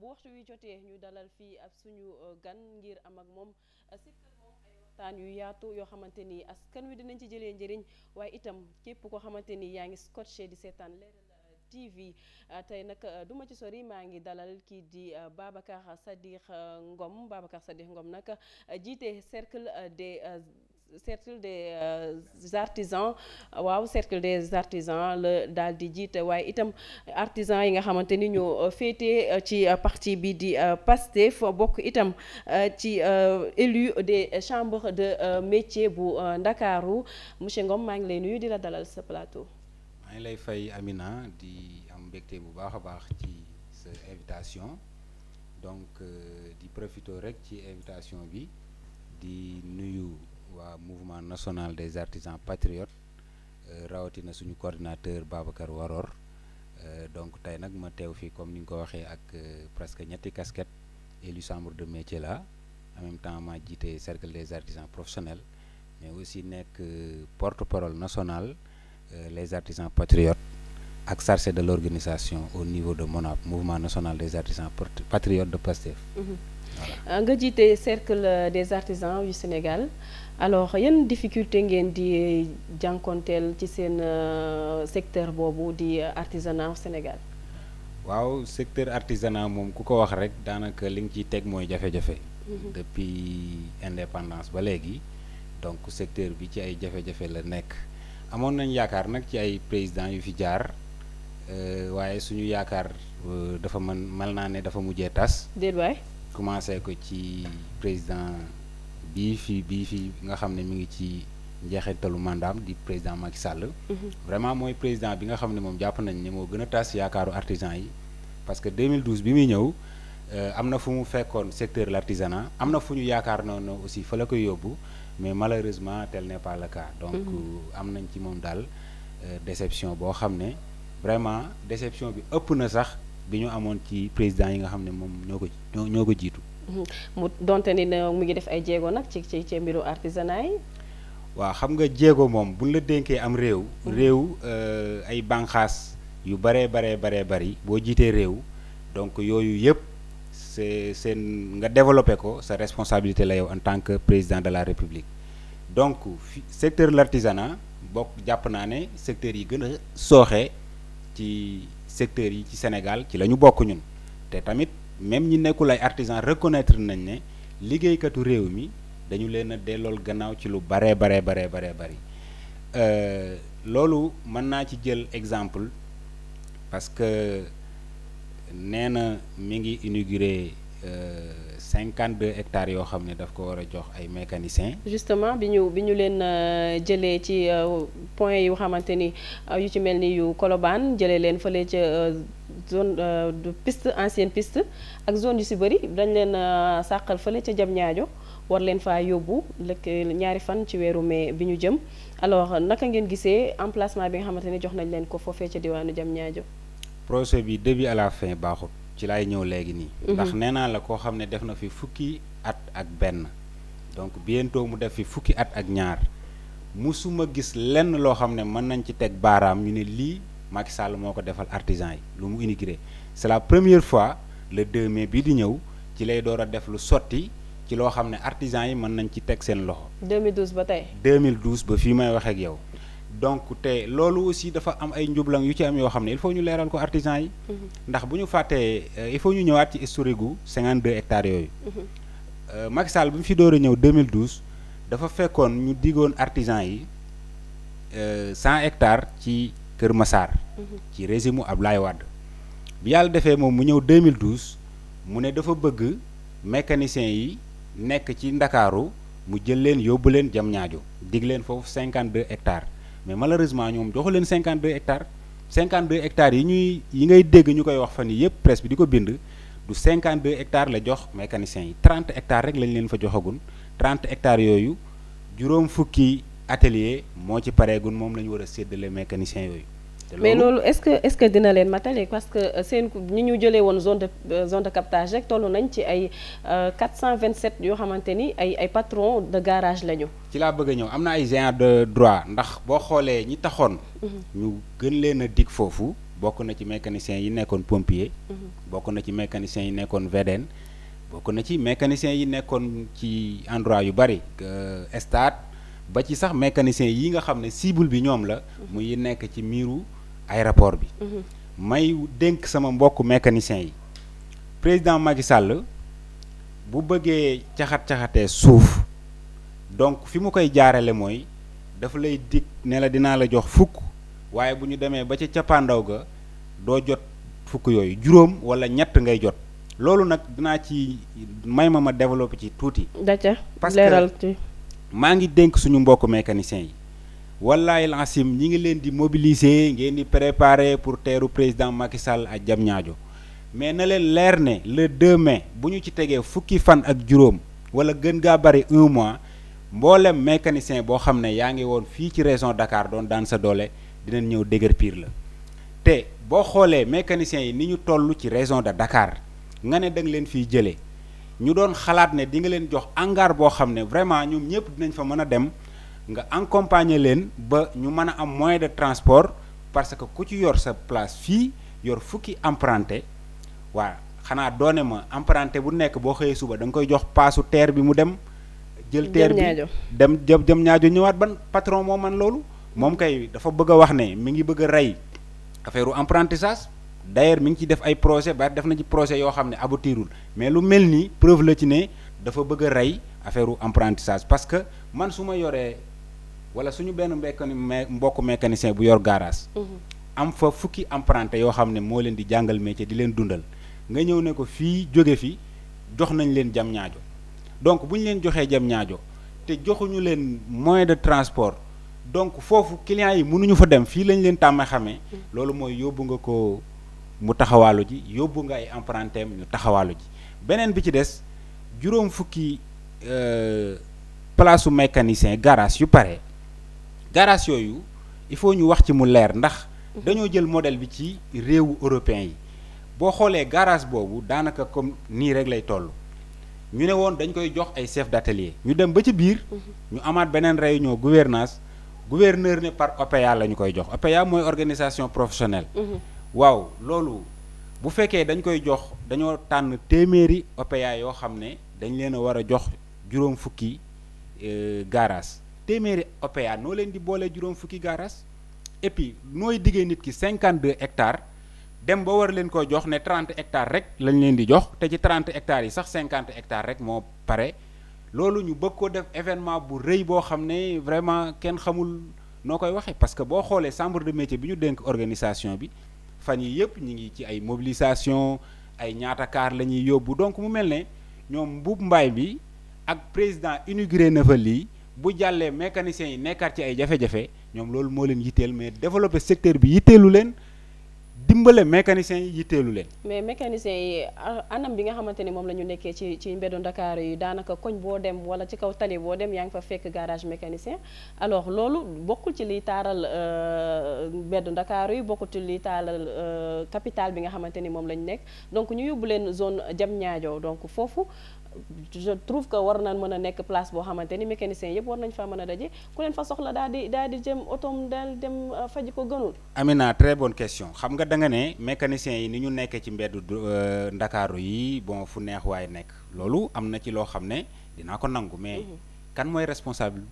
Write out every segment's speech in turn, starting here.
bu waxtu wi jotee ñu dalal fii ab suñu uh, gan ngir am ak moom uh, sikkal moom ay waxtaan yu yaatu yoo xamante ni askan wi dinañ ci jëlee njëriñ waaye itam képp koo xamante ni yaa ngi scotché di seetaan leeral uh, TV tey nag duma ci sori maa ngi dalal kii di Babacar Sadikh Ngom Babacar Sadikh Ngom nag jiite cercle des cercle des euh, artisans waaw cercle des artisans la daal di jiite waaye itam artisans yi nga xamante ni ñoo féete euh, ci euh, parti bi di Pastef bokk itam ci élu des chambres de métier bu Ndakaaru monsieur Ngom maa ngi lay nuyu di la dalal sa plateau. maa ngi lay fay Amina di am mbégte bu baax a baax ci sa invitation donc di profité rek ci invitation bi di nuyu. waa mouvement national des artisans patriotes euh, rawatina suñu coordinateur Babacar Waror euh, donc tey nag ma teew fii comme ni nga ko waxee ak euh, presque ñetti casquette élu chambre de métier la en même temps ma jiite cercle des artisans professionnels mais aussi nekk porte-parole nationale les artisans patriotes ak chargé de l'organisation au niveau de MONAP mouvement national des artisans patriotes de Pastef mm-hmm. Euh, nga jiite cercle des artisans yu Sénégal alors yan difficulté ngeen di jànkonteel ci seen euh, secteur boobu di artisanat Sénégal. waaw secteur artisanat moom ku ko wax rek daanaka li nga ciy teg mooy jafe-jafe. Mhm. depuis indépendance ba léegi donc secteur bi ci ay jafe-jafe la nekk. amoon nañ yaakaar nag ci ay président yu fi jaar euh, waaye suñu yaakaar dafa mën mel naa ne dafa mujjee tas. déet waay commencé ko ci président bii fii bii fii nga xam ne mu ngi ci njeexitalu mandaam di président Macky Sall. Mhm. vraiment mooy président bi nga xam ne moom jàpp nañ ni moo gën a tas yaakaaru artisan yi parce que 2012 bi muy ñëw euh, am na fu mu fekkoon secteur l' artisanat am na fu ñu yaakaar noonu aussi fa la koy yóbbu mais malheureusement tel n' est pas donc mhm. euh, am nañ ci moom daal euh, déception boo xam ne vraiment déception bi ëpp na sax. bi ñu amoon ci président yi nga xam ne moom ñoo ko ñoo ñoo ko jiitu. mu donte ni mu ngi def ay jéego nag ci ci ci mbiru artisanat yi. waaw xam nga jéego moom buñ la dénkee am réew. Mm-hmm. réew euh, ay bànqaas yu baree baree baree bari boo jiitee réew donc yooyu yëpp c'est seen nga développé ko sa responsabilité la yow en tant que président de la république donc fi secteur l'artisanat bokk jàpp naa ne secteur yi gën a sooxe ci. secteurs yi ci Sénégal ci la ñu bokk ñun te tamit même ñi nekkul ay artisans reconnaître nañ ne liggéeykatu réew mi dañu leen a dellool gannaaw ci lu baree baree baree baree bari euh, loolu mën naa ci jël exemple parce que nee na mi ngi inauguré. Euh, cinquante deux hectares yoo xam ne daf ko war a jox ay mécaniciens. justement bi ñu bi ñu leen euh, jëlee ci euh, point yu xamante ni euh, yu ci mel ni yu Colobane jëlee leen fële ca zone de piste ancienne piste ak zone yu si bëri dañ leen sàqal fële ca jam ñaajo war leen faa yóbbu lëkk ñaari fan ci weeru mai bi ñu jëm alors naka ngeen gisee emplacement bi nga xamante ni jox nañ leen ko foofee ca diwaanu jam ñaajo projet bi début à la fin baaxul. ci laay ñëw léegi nii. Mhm. ndax nee naa la koo xam ne def na fi fukki at ak benn donc bientôt mu def fi fukki at ak ñaar musuma gis lenn loo xam ne mën nañ ci teg baaraam ñu ne lii Macky Sall moo ko defal artisan yi lu mu immigré c'est la première fois le 2 mai bii di ñëw ci lay door a def lu sotti ci loo xam ne artisan yi mën nañ ci teg seen loxo. 2012 ba tey. 2012 ba fii may wax ak yow. donc te loolu aussi dafa am ay njublang yu ci am yoo xam ne il faut ñu leeral ko artisan yi. Mhm. ndax bu ñu fàttee euh, il faut ñu ñëwaat ci historique gu 52 yooyu. Mhm. Euh, Macky Sall bi mu fi door a ñëw 2012 dafa fekkoon ñu diggoon artisan yi 100 euh, hectares ci Kër Massar. Mhm. ci régime mu Ablaye Wade. bi yàlla defee moom mu ñëw 2012 mu ne dafa bëgg mécaniciens yi nekk ci Ndakaaru mu jël leen yóbbu leen jam ñaajo dig leen foofu 52 hectares. mais malheureusement ñoom joxu leen 52 hectares 52 hectares yi ñuy yi ngay dégg ñu koy wax fan yii yëpp presse di ko bind du 52 hectares la jox mécaniciens yi trente hectares rek lañ leen fa joxagun 30 hectares yooyu juróom fukki atelier moo ci pareegun moom la ñu war a séddale mécaniciens yooyu mais loolu est-ce que ce que dina leen matale parce que euh, seen ñi ñu jëlee woon zone de euh, zone de captage rek toll nañ ci ay euh, cent vingt 427 yoo xamante ni ay ay patron de garage lañu. ci laa bëgg a ñëw am na ay genre de droit ndax boo xoolee ñi taxoon. Mhm. ñu gën leen a dig foofu bokk na ci mécaniciens yi nekkoon pompier. Mhm. bokk na ci mécaniciens yi nekkoon VDN. bokk na ci mécaniciens yi nekkoon ci endroit yu bari stade ba ci sax mécaniciens yi nga xam ne cible bi ñoom la. Mhm. muy nekk ci miiru. aéroport bi. Mhm. may dénk sama mbokk mécanicien yi président Macky Sall bu bëggee caxat caxatee suuf donc fi mu koy jaarale mooy dafa lay dig ne la dinaa la jox fukk waaye bu ñu demee ba ca cappaandaw ga doo jot fukk yooyu juróom wala ñett ngay jot loolu nag dinaa ci may ma ma développé ci tuuti. parce que maa ngi dénk suñu mbokk mécanicien yi. wallaay lancim ñi ngi leen di mobiliser ngeen di préparer pour teeru président Macky Sall ak Diamniadio mais na leen leer ne le 2 mais bu ñu ci tegee fukki fan ak juróom wala gën gaa bari un mois mboolem mécanicien boo xam ne yaa ngi woon fii ci région Dakar doon daan sa doole dinañ ñëw dëgër piir la te boo xoolee mécaniciens yi ni ñu toll ci région de Dakar nga ne da leen fii jëlee ñu doon xalaat ne di nga leen jox hangar boo xam ne vraiment ñoom ñëpp dinañ fa mën a dem. nga accompagner leen ba ñu mën a am moyen de transport parce que ku ci yor sa place fii yor fukki emprunté waa xanaa doone ma emprunté bu nekk boo xëyee suba da nga koy jox paasu teer bi mu dem jël teer bi dem jëm jëm ñaajo ñëwaat ban patron moo man loolu moom kay dafa bëgg a wax ne mi ngi bëgg a rey affaire apprentissage d'ailleurs mi ngi ci def ay projet ba def na ci projet yoo xam ne aboutirul mais lu mel nii preuve la ci ne dafa bëgg a rey affaire apprentissage parce que man su ma yoree wala suñu benn mbekkani mbokk mécanicien bu yor garage. Mm-hmm. am fa fukki apprenti yoo xam ne moo leen di jàngal métier di leen dundal nga ñëw ne ko fii jóge fi jox nañ leen jam ñaajo donc bu leen joxee jam ñaajo te joxuñu leen moyen de transport donc foofu clients yi mënuñu fa dem fii lañ leen tàmm xamee mm-hmm. loolu mooy yóbbu nga ko mu taxawaalu ji yóbbu nga ay apprenti am ñu taxawaalu ji beneen bi ci des juróom fukki euh, place su mécanicien garage yu pare garage yooyu il faut ñu wax ci mu leer ndax dañoo jël modèle bi ci réewu européen yi boo xoolee garage boobu daanaka comme nii rek lay toll ñu ne woon dañ koy jox ay chef d'atelier ñu dem ba ci biir ñu amaat beneen réunion gouvernance gouverneur ne par OPEA la ñu koy jox OPEA mooy organisation professionnelle waaw loolu bu fekkee dañ koy jox dañoo tànn téeméeri OPEA yoo xam ne dañ leen a war a jox juróom fukki euh, garaas téeméeri OPA noo leen di boolee juróom fukki gaaraas et puis nooy diggee nit ki de hectares dem ba war leen ko jox ne 30 hectares rek lañ leen di jox te ci trente hectares yi sax 50 hectares rek moo pare loolu ñu bëgg ko def événement bu rëy boo xam ne vraiment kenn xamul noo koy waxee parce que boo xoolee sembre de métier bi ñu dénk organisation bi fan yi yëpp ñu ngi ci ay mobilisation ay ñaata kaar la ñuy yóbbu donc mu mel ne ñoom mbuub mbaay bi ak président inauguré na fa lii bu jàllee mécaniciens yi nekkaat ci ay jafe-jafe ñoom loolu moo leen yitteel mais développer secteur bi yitteelu leen dimbale mécaniciens yi yitteelu leen. mais mécaniciens yi anam bi nga xamante ni moom la ñu nekkee ci ci mbedu Ndakaaru yi daanaka koñ boo dem wala ci kaw tali boo dem yaa ngi fa fekk garage mécanicien alors loolu bokkul ci liy taaral euh, mbedu Ndakaaru yi bokkul ci liy taaral euh, capital bi nga xamante ni moom la ñu nekk donc ñu yóbbu leen zone jam ñaajow donc foofu. je trouve que war nañ mën a nekk place boo xamante ni mécanicien yëpp war nañ faa mën a daje ku leen fa soxla daal di daal di jëm otoom daal dem euh, faji ko gënul. Amina très bonne question xam nga danga ne mécanicien yi ni ñu nekkee ci mbeddu euh, ndakaaru yi bon fu neex waaye nekk loolu am na ci loo xam ne dinaa ko nangu mais. Mhm. kan mooy responsable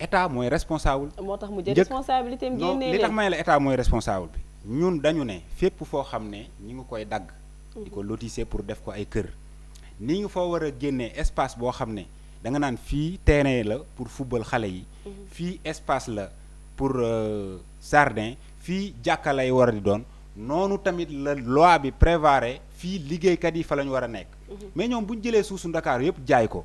état mooy responsable. moo tax mu jël responsabilité am génnee li tax may la état mooy responsable bi ñun dañu ne fépp foo xam ne ñu ngi koy dagg. di mhm. ko lotisser pour def ko ay kër. ni nga foo war a génnee espace boo xam ne da nga naan fii terrain la pour football xale yi. Mhm. fii espace la pour sardin euh, fii jàkka lay war a di doon noonu tamit la loi bi prévoir fii liggéeykat yi fa la ñu war a nekk. Mhm. mais ñoom bu ñu jëlee suusu Ndakaar yëpp jaay ko.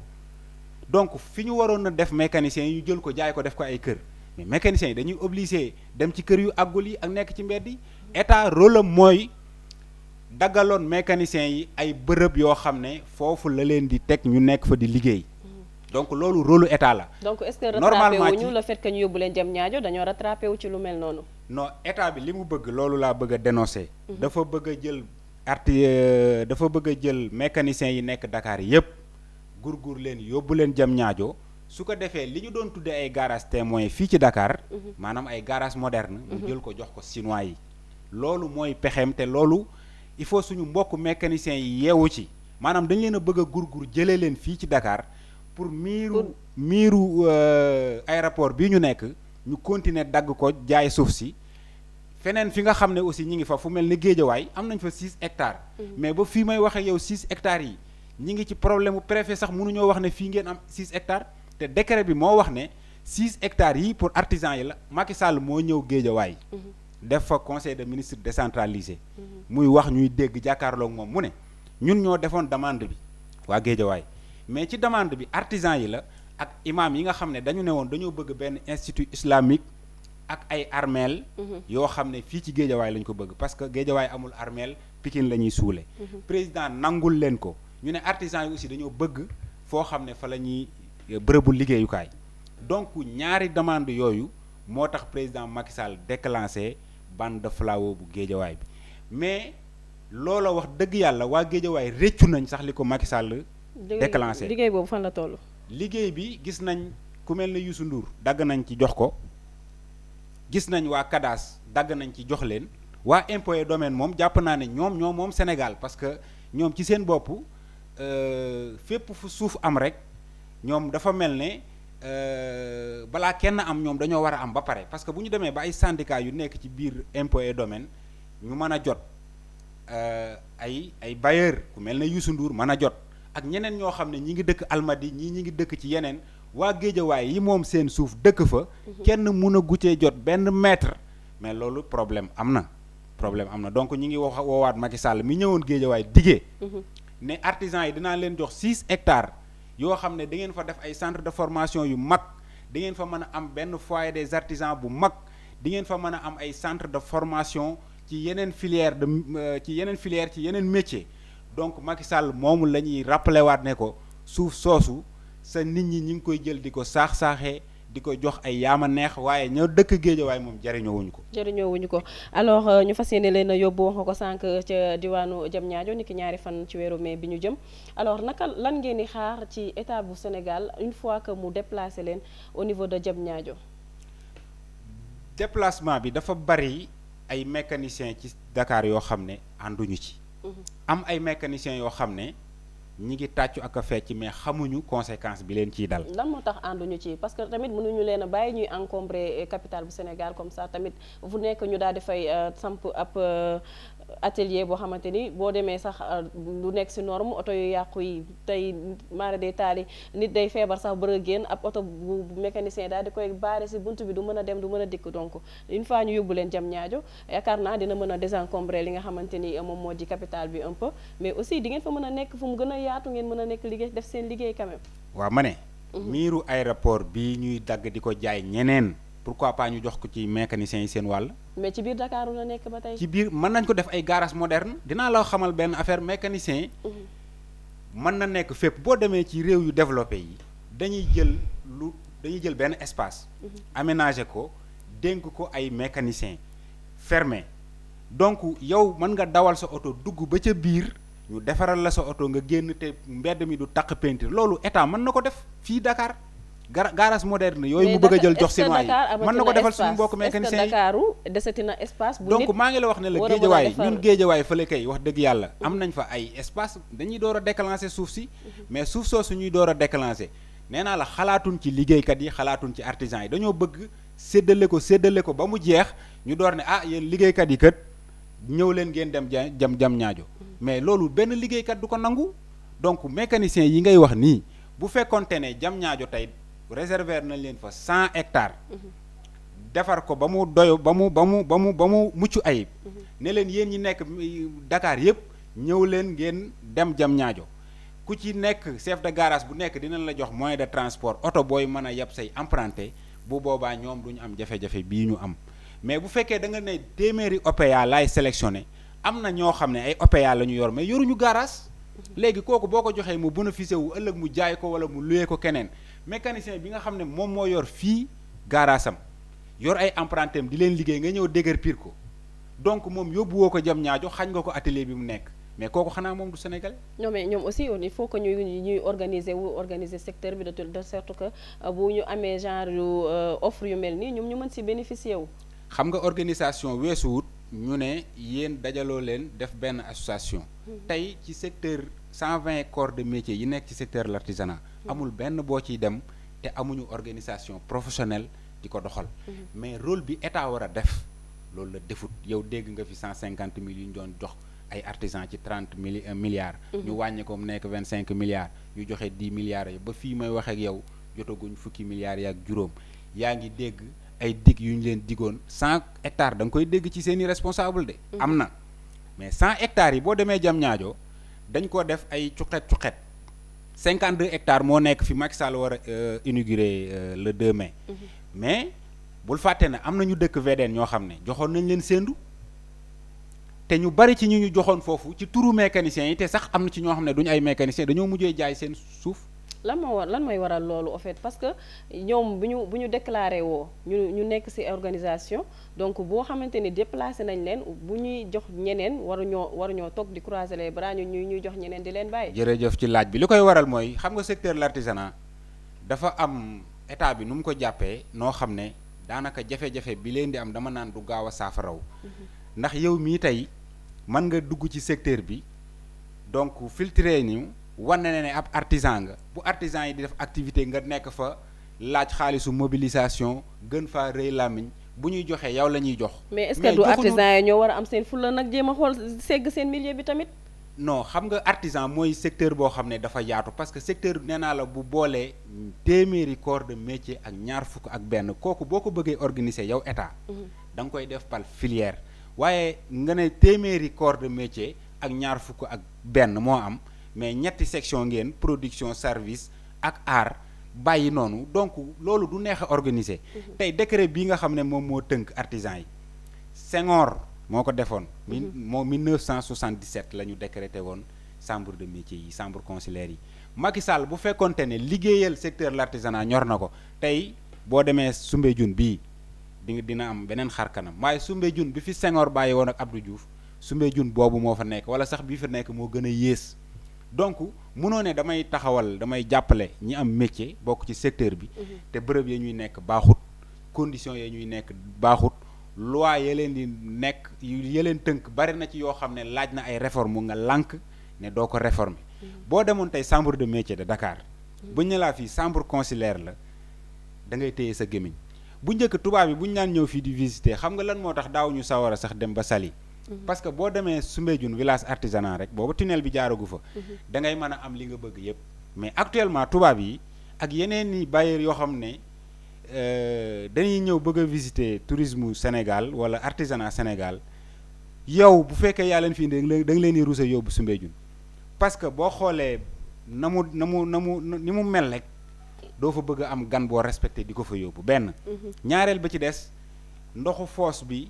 donc fi ñu waroon a def mécanisiens yi ñu jël ko jaay ko def ko ay kër mais mécaniciens yi dañuy obligé dem ci kër yu àggul yi ak nekk ci mbedd yi mhm. état rôle am mooy. daggaloon mécaniciens yi ay bërëb yoo xam ne foofu la leen di teg ñu nekk fa di liggéey donc loolu rôle état la. donc est-ce que rattrapé wu ñu le fait que ñu yóbbu leen jëm ñaajo dañoo rattrapé wu ci lu mel noonu. non état bi li mu bëgg loolu laa bëgg a dénoncer. Mhm. dafa bëgg a jël arti euh, dafa bëgg a jël mécaniciens yi nekk Dakar yépp gurgur leen yóbbu leen jëm ñaajo su ko defee li ñu doon tuddee ay garage témoin fii ci dakaar mhm. maanaam ay garage moderne mu mhm. jël ko jox ko chinois yi. loolu mooy pexeem te loolu. il faut suñu mbokk mécaniciens yi yeewu ci maanaam dañ leen a bëgg a gurgur jëlee leen fii ci dakaar pour miiru miiru euh, aéroport bi ñu nekk ñu continuer dagg ko jaay suuf si feneen fi nga xam ne aussi ñi ngi fa fu mel ni géejawaay am nañ fa 6 hectares mm-hmm. mais ba fi may waxee yow 6 hectares yi ñi ngi ci problème mu préfet sax wax ne fii ngeen am 6 hectares te décret bi moo wax ne 6 hectares yi pour artisans yi la Macky Sall moo ñëw géejawaay mm-hmm. def fa conseil de ministre décentralisé. muy wax ñuy dégg jàkkaarloog moom mu ne ñun ñoo defoon demande bi waa Géejawaay mais ci demande bi artisan yi la ak imam yi nga xam ne dañu ne woon dañoo bëgg benn institut islamique ak ay armeel mhm. yoo xam ne fii ci Géejawaay lañ ko bëgg parce que Géejawaay amul armeel Pikine la ñuy suule mhm. président nangul leen ko ñu ne artisan yi aussi dañoo bëgg foo xam ne fa la ñuy euh, bërëbu liggéeyukaay donc ñaari demande yooyu moo tax président Macky Sall déclenché bande de flao bu géejawaay bi mais loola wax dëgg yàlla waa géejawaay réccu nañ sax li ko Macky Sall déclenché liggéey boobu fan la toll. liggéey bi gis nañ ku mel ne Youssou Ndour dagg nañ ci jox ko gis nañ waa CADAS dagg nañ ci jox leen waa impôt et domaine moom jàpp naa ne ñoom ñoom moom Sénégal parce que ñoom ci seen bopp euh, fépp fu suuf am rek ñoom dafa mel ne. Euh, balaa kenn am ñoom dañoo war a am ba pare parce que bu ñu demee ba ay syndicats yu nekk ci biir impôts et domaines ñu mën a jot euh, ay ay bailleurs ku mel ne Youssou nduur mën a jot ak ñeneen ñoo xam ne ñi ngi dëkk Almadi ñii ñi ngi dëkk ci yeneen waa Géejawaay yi moom seen suuf dëkk fa. Mhm. kenn mun a guccee jot benn mètre. mais loolu problème am na problème am na donc ñi ngi wax woowaat Macky Sall mi ñëwoon Géejawaay diggee. Mhm. ne artisans yi dinaa leen jox six hectares. yoo xam ne da ngeen fa def ay centre de formation yu mag da ngeen fa mën a am benn foyer des artisans bu mag di ngeen fa mën a am ay centre de formation ci yeneen filière de euh, ci yeneen filière ci yeneen métier donc Macky Sall moomu la ñuy rappelé waat ne ko suuf soosu sa nit ñi ñu ngi koy jël di ko saax-saaxee di ko jox ay yaama neex waaye ñoo dëkk waaye moom jariñoo ko jariñoo ko alors euh, ñu fas yéene leen yóbbu wax ko sànq ca diwaanu jam ñaajo niki ñaari fan ci weeru mai bi ñu jëm alors naka lan ngeen di xaar ci état bu Sénégal une fois que mu déplacé leen au niveau de jam ñaajo déplacement bi dafa bari ay mécaniciens ci Dakar yoo xam ne ànduñu ci mhm. am ay mécaniciens yoo xam ne ñi ngi tàccu ak a fecc mais xamuñu conséquence bi leen ciy dal. lan moo tax ànduñu ci parce que tamit mënuñu leen a bàyyi ñuy encombrer eh, capitale bu Sénégal comme ça tamit fu nekk ñu daal di fay euh, samp ab euh, atelier boo xamante ni boo demee sax euh, lu nekk si norme oto yu yàqu yi tey mara day taali nit day feebar sax bëgg a génn ab oto bu mécanicien dal di koy baare si bunt bi du mën a dem du mën a dikk donc une fois ñu yóbbu leen jam ñaajo yaakaar naa dina mën a désencombrer li nga xamante ni euh, moom moo di capital bi un mais aussi di ngeen fa mën a nekk fu mu gën a yaatu ngeen mën a nekk liggéey def seen liggéey quand même. waaw ma ne. Mhm. miiru aéroport bii ñuy dagg di ko jaay ñeneen. pourquoi pas ñu jox ko ci mécaniciens yi seen wàll. mais ci biir Dakar a nekk ba tey. ci biir mën nañ ko def ay garage moderne dinaa la xamal benn affaire mécanicien yi. Mhm. mën na nekk fépp boo demee ci réew yu développé yi dañuy jël lu dañuy jël benn espace. Mhm. aménager ko dénk ko ay mécaniciens fermé donc yow mën nga dawal sa oto dugg ba ca biir. ñu defaral la sa oto nga génn te mbedd mi du taq peinture loolu état mën na ko def fii Dakar. garage moderne yooyu mu bëgg jël jox chinois yi mën na ko defal suñu mbokk mécanicien yi Dakaru desati na espace bu maa ngi la wax ne la géejawaay ñun géejawaay fële kay wax dëgg yàlla am nañ fa ay espace dañuy door a suuf si mhm. mais suuf soosu ñuy door a déclencher nee naa la xalaatuñ ci liggéeykat yi xalaatuñ ci artisans yi dañoo bëgg séddale ko séddale ko ba mu jeex ñu door ne ah yéen liggéeykat yi kat ñëw leen ngeen dem ja jam jam ñaajo mhm. mais loolu benn liggéeykat du ko nangu donc mécanicien yi ngay wax nii bu fekkonte ne jam ñaajo tey réserver nañ leen fa cent ectare defar ko ba mu doyo ba mu ba mu ba mu ba mu mucc ayib ne leen yéen ñi nekk dakaar yëpp ñëw leen ngeen dem jam ñaajo ku ci nekk chef de garage bu nekk dinañ la jox moyen de transport oto booy mën a yab say emprunté bu boobaa ñoom du ñu am jafe-jafe bii ñu am mais bu fekkee da nga ne téeméeri OPA laay sélectionné am na ñoo xam ne ay OPA la ñu yor mais yoruñu garage léegi kooku boo ko joxee mu bénéficié wu ëllëg mu jaay ko wala mu luyee ko keneen mécanicien bi nga xam ne moom moo yor fii gaaraasam yor ay emprunté am di leen liggéey nga ñëw dëgër piir ko donc moom yóbbu woo ko jam ñaajo xañ nga ko atelier bi mu nekk mais kooku xanaa moom du Sénégal. non mais ñoom aussi il faut que ñuy ñuy organiser wu organiser secteur bi de de sorte que euh, bu ñu amee genre yu euh, offre yu mel nii ñoom ñu mën si bénéficier wu. xam nga organisation weesuwut ñu ne yéen dajaloo leen def benn association. Hmm. tey ci secteur cent vingt corps de métiers yi nekk ci secteur l' artisanat amul benn boo ciy dem te amuñu organisation professionnelle di ko doxal mhm. mais rôle bi état war a def loolu la defut yow dégg nga fi cent cinquante mille yu ñu doon jox ay artisans ci trente mille euh, milliards mhm. ñu wàññi ko mu nekk vingt cinq milliards ñu joxe dix milliards yi ba fii may wax ak yow jotaguñ fukki milliards yaak juróom yaa ngi dégg ay dig yu ñu leen digoon cent hectares da nga koy dégg ci seen i responsable de mhm. am na mais cent hectares yi boo demee jam ñaajoo dañ ko def ay cuqet cinquante deux hectares moo nekk fi Macky Sall war a euh, inauguré euh, le 2 mai. Mhm. mais bul fàtte ne am na ñu dëkk VDN ñoo xam ne joxoon nañ leen séendu te ñu bari ci ñu ñu joxoon foofu ci turu mécaniciens yi te sax am na ci ñoo xam ne duñu ay mécanisiens dañoo mujjee jaay seen suuf. lan moo war lan mooy waral loolu en fait parce que ñoom bu ñu bu ñu déclaré woo ñu ñu nekk ci organisation donc boo xamante ni déplacé nañ leen bu ñuy jox ñeneen waruñoo ñoo toog di croiser les bras ñu ñuy ñuy jox ñeneen di leen bàyyi. jërëjëf ci laaj bi li koy waral mooy xam nga secteur l'artisanat dafa am état bi nu mu ko jàppee noo xam ne daanaka jafe-jafe bi leen di am dama naan du gaaw a saafaraw mm-hmm. ndax yow mii tey mën nga dugg ci secteur bi donc filtre ñu wane na ne ab artisan nga bu artisan yi di def activité nga nekk fa laaj xaalisu mobilisation gën faa rëy làmmiñ bu ñuy joxee yow la ñuy jox. mais est-ce que du ñoo war a am seen fulla nag jéem a xool segg seen milieu bi tamit. non xam nga artisan mooy secteur boo xam ne dafa yaatu parce que secteur bi nee naa la bu boolee téeméeri corps de métier ak ñaar fukk ak benn kooku boo ko bëggee organiser yow état. Mhm. danga koy def par filière. waaye nga ne téeméeri corps de métier ak ñaar fukk ak benn moo am. mais ñetti section ngeen production service ak art bàyyi noonu donc loolu du neex a organiser. Mhm. tey décret bii nga xam ne moom moo tënk artisan yi Senghor moo ko defoon. mi mhm. moo 1977 la ñu décrété woon chambre de métier yi chambre consulaire yi Macky Sall bu fekkonte ne liggéeyal secteur l' artisanat ñor na ko tey boo demee sumbee Soumbédioune bii di dina am beneen xar kanam waaye Soumbédioune bi fi Senghor bàyyi woon ak Abdou Diouf Soumbédioune boobu moo fa nekk wala sax bii fa nekk moo gën a yées. donc munoo ne damay taxawal damay jàppale ñi am métier bokk ci secteur bi mhm. te bërëb ya ñuy nekk baaxut conditions ya ñuy nekk baaxut loi ya leen di nekk ya leen tënk bari na ci yoo xam ne laaj na ay mu nga lank ne doo ko réformer mhm. boo demoon tey chambre de métier de dakaar mhm. buñ ne laa fii chambre consulaire la da ngay téye sa gémmiñ bu njëkk tubaab yi bu ñu naan ñëw fii di visiter xam nga lan moo tax daawuñu sawar sax dem ba sali Mhm. parce que boo demee Soumbédioune village artisanal rek booba tunnel bi jaaragu fa. Mhm. da ngay mën a am li nga bëgg yëpp. mais actuellement tubaab yi ak yeneen i bailleurs yoo xam ne euh, dañuy ñëw bëgg a visiter tourisme Sénégal wala artisanat Sénégal yow bu fekkee yaa fii fi indi da leen di ruuse yóbbu Soumbédioune parce que boo xoolee na mu na mu na mu ni mu mel rek doo fa bëgg a am gan boo respecté di ko fa yóbbu benn. Mhm. ñaareel ba ci des ndoxu foos bi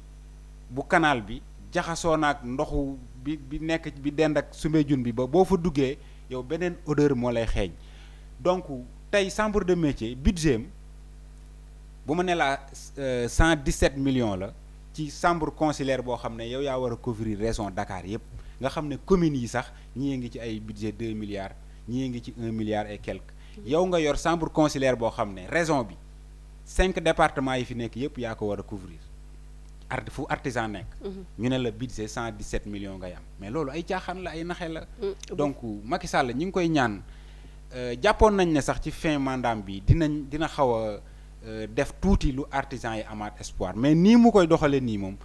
bu canal bi. jaxasoo naag ndoxu bi bi nekk bi dend ak Soumbédioune bi ba boo fa duggee yow beneen odeur moo lay xeeñ donc tey chambre de métier budget am bu ma ne la euh, cent dix-sept millions la ci chambre consulaire boo xam ne yow yaa war a couvrir région Dakar yépp nga xam ne communes yi sax ñii ngi ci ay budget deux milliards ñii ngi ci un milliard et quelque yow nga yor chambre consulaire boo xam ne région bi cinq départements yi fi nekk yépp yaa ko war a couvrir art fu artisan nekk. Mhm. ñu ne la budget cent dix sept million ngay am mais loolu ay caaxaan la ay naxe la. Mm. donc Macky Sall ñu ngi koy ñaan euh, jàppoon nañ ne sax ci fin mandaam bi dinañ dina xaw a euh, def tuuti lu artisan yi amaat espoir mais nii mu koy doxalee nii moom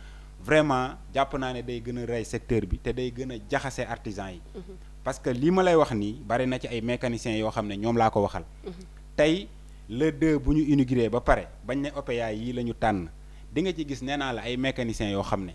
vraiment jàpp naa ne day gën a rey secteur bi te day gën a jaxase artisan yi. Mhm. parce que lii ma lay wax nii bari na ci ay mécaniciens yoo xam ne ñoom laa ko waxal. Mhm. tey le deux bu ñu inauguré ba pare bañ ne OPA yii la ñu tànn. di nga ci gis nee naa la ay mécaniciens yoo xam ne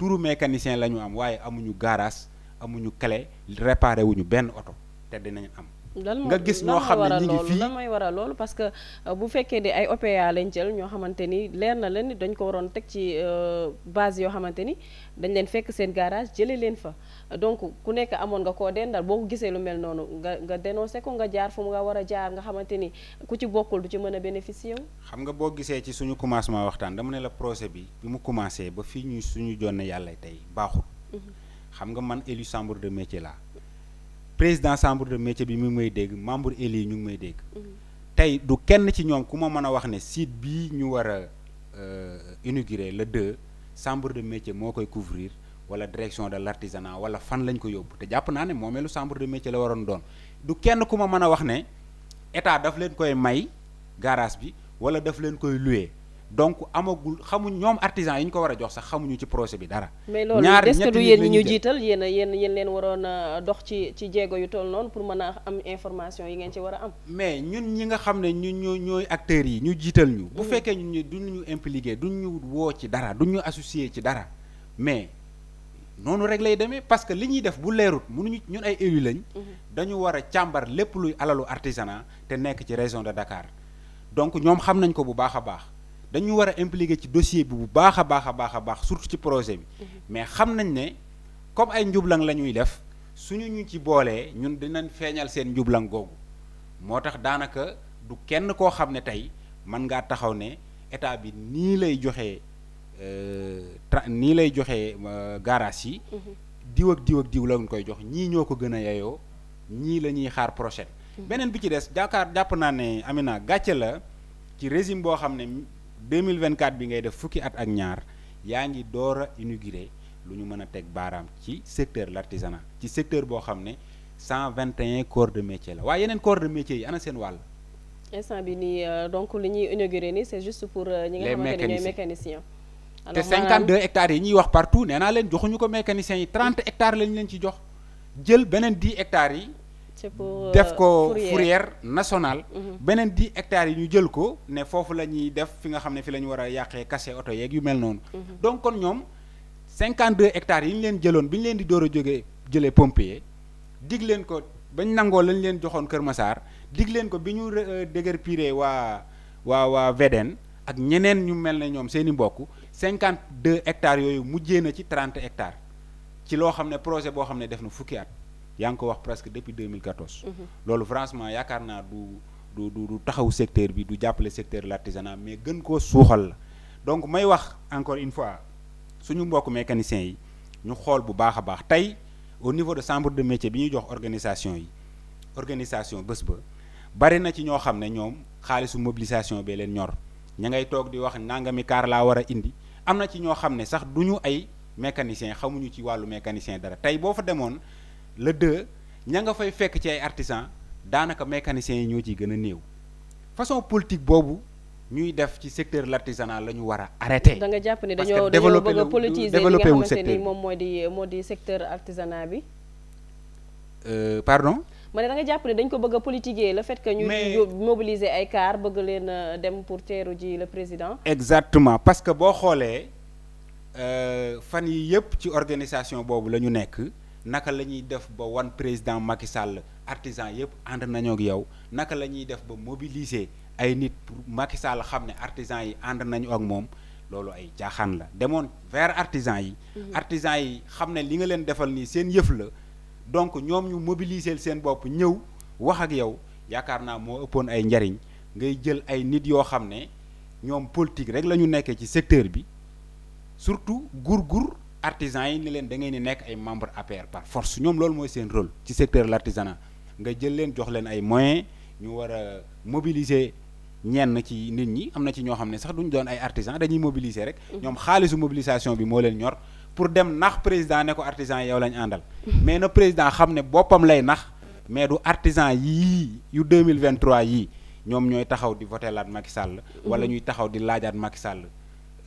turu mécanicien la ñu am waaye amuñu garage amuñu clé réparé ñu benn oto te dinañ am nga gis ñoo xam ne ñi ngi fii lan mooy waral loolu parce que euh, bu fekkee di ay OPA lañ jël ñoo xamante ni leer na leen dañ ko waroon teg ci euh, base yoo xamante ni dañ leen fekk seen garage jëlee leen fa donc ku nekk amoon nga koo dendal boo ko gisee lu mel noonu nga nga dénoncé ko nga jaar fu mu nga war a jaar nga xamante ni ku ci bokkul du ci mën a bénéficier wu xam nga boo gisee ci suñu commencement waxtaan dama ne la projet bi bi mu commencé ba fii ñu suñu jonne yàlla tey baaxul mhm. xam nga man élu de métier président chambre de métier bi mi ngi may dégg membre éli ñu ngi may dégg mm-hmm. tey du kenn ci ñoom ku ma mën a wax ne site bii ñu war a euh, inauguré le 2 chambre de métier moo koy couvrir wala direction de l'artisanat wala fan lañ ko yóbbu te jàpp naa ne moo melu chambre de métier la waroon doon du kenn ku ma mën a wax ne état daf leen koy may garage bi wala daf leen koy louer donc amagul xamuñ ñoom artisan yi ñu ko war a jox sax xamuñu ci projet bi dara. ñaar ñetti nit mais loolu du yéen ñi ñu jiital yéen yéen yéen leen waroon a dox ci ci jéego yu tool noonu pour mën a am information yi ngeen ci war a am. mais ñun ñi nga xam ne ñun ñoo ñooy acteurs yi ñu jiital ñu. bu mm-hmm. fekkee ñun ñu duñ ñu impliqué duñ ñu woo ci dara duñ ñu associé ci dara mais noonu rek lay demee parce que li ñuy def bu leerut mënuñu ñun ay élus lañ. Mm-hmm. dañu war a càmbar lépp luy alalu artisanat te nekk ci région de Dakar donc ñoom xam nañ ko bu baax a baax dañu war a impliqué ci dossier bi bu baax a baax a baax a baax surtout ci projet bi mhm. mais xam nañ ne comme ay njublang la ñuy def suñu ñu ci boolee ñun dinañ feeñal seen njublang googu moo tax daanaka du kenn koo xam ne tey man ngaa taxaw ne état bi nii lay joxe joxee euh, nii lay joxee euh, garage yi mhm. diw ak diw ak diw la ñu koy jox ñii ñoo ko gën a yeyoo ñii la ñuy xaar prochaine mhm. beneen bi ci des jaakaar jàpp naa ne Amina gàcce la ci résime boo xam ne deux mille vingt quatre bi ngay def fukki at ak ñaar yaa ngi door a inauguré lu ñu mën a teg baaraam ci secteur l' artisanat ci secteur boo xam ne cent vingt et un corps de métier la waaye yeneen corps de métier yi ana seen wàll. instant bi nii euh, donc li ñuy inauguré nii c' est juste pour. Euh, ñi nga xamante ne ñooy mécaniciens. te cinquante deux hectares yi ñuy wax partout neenaa naa leen joxuñu ko mécaniciens yi trente hectares lañ leen ci jox jël beneen dix hectares yi. c'est euh, pour def ko fourrière national mhm. beneen di hectares yi ñu jël ko ne foofu la ñuy def fi nga xam ne fi la ñu war a yàqee kase oto yeeg yu mel noonu. Mhm. donc kon ñoom cinquante deux hectares yi ñu leen jëloon bi ñu leen di door a jógee jëlee pompier dig leen ko bañ nangoo lañ leen joxoon Kër Massar dig leen ko bi ñu euh, dëgër piré waa waa waa VDN ak ñeneen ñu mel ne ñoom seen i mbokk cinquante deux hectares yooyu mujjee na ci trente hectares ci loo xam ne projet boo xam ne def na fukki yaa ngi ko wax presque depuis 2014. Mhm. loolu franchement yaakaar naa du du du du taxaw secteur bi du jàppale secteur l'artisanat mais gën koo suuxal la donc may wax encore une fois suñu mbokk mécaniciens yi ñu xool bu baax a baax tey au niveau de sembre de métier bi ñuy jox organisation yi organisation bés ba bari na ci ñoo xam ne ñoom xaalisu mobilisation bee leen ñor ña ngay toog di wax nangami kaar laa war a indi am na ci ñoo xam ne sax du ñu ay mécaniciens xamuñu ci wàllu mécanicien dara tey boo fa demoon. le deux ña nga fay fekk ci ay daanaka mécaniciens yi ñoo ciy gën a néew façon politique boobu ñuy def ci secteur l' artisanat la ñu war a arrêté. da nga jàpp ni dañoo dañoo bëgg a politiser li nga xamante ni moom moo di moo di secteur artisanat bi. Euh, pardon. ma ne da nga jàpp dañ ko bëgg a politiquer le fait que ñu mobiliser ay car bëgg leen euh, dem pour teeru ji le président. exactement parce que boo xoolee euh, fan yi yëpp ci organisation boobu la ñu nekk. naka la ñuy def ba wan président Macky Sall artisan yëpp ànd nañoo ak yow naka la ñuy def ba mobiliser ay nit pour Macky Sall xam ne artisan yi ànd nañu ak moom loolu ay jaaxaan la demoon vers artisan yi. Mm-hmm. artisan yi xam ne li nga leen defal nii seen yëf la donc ñoom ñu mobiliser seen bopp ñëw wax ak yow yaakaar naa moo ëppoon ay njariñ ngay jël ay nit yoo xam ne ñoom politique rek la ñu nekkee ci secteur bi surtout gur-gur. artisans yi ni leen da ngeen di nekk ay membre APR par force ñoom loolu mooy seen rôle ci secteur l' nga jël leen jox leen ay moyens ñu war a mobiliser ñenn ci nit ñi am na ci ñoo xam ne sax duñ doon ay artisans dañuy mobiliser rek. Mm-hmm. ñoom xaalisu mobilisation bi moo leen ñor pour dem nax président ne ko artisan yow lañ àndal. mais na président xam ne boppam lay nax mais du artisan yii yu 2023 yii ñoom ñooy taxaw di votelaat laat Macky Sall. Mm-hmm. wala ñuy taxaw di laajaat Macky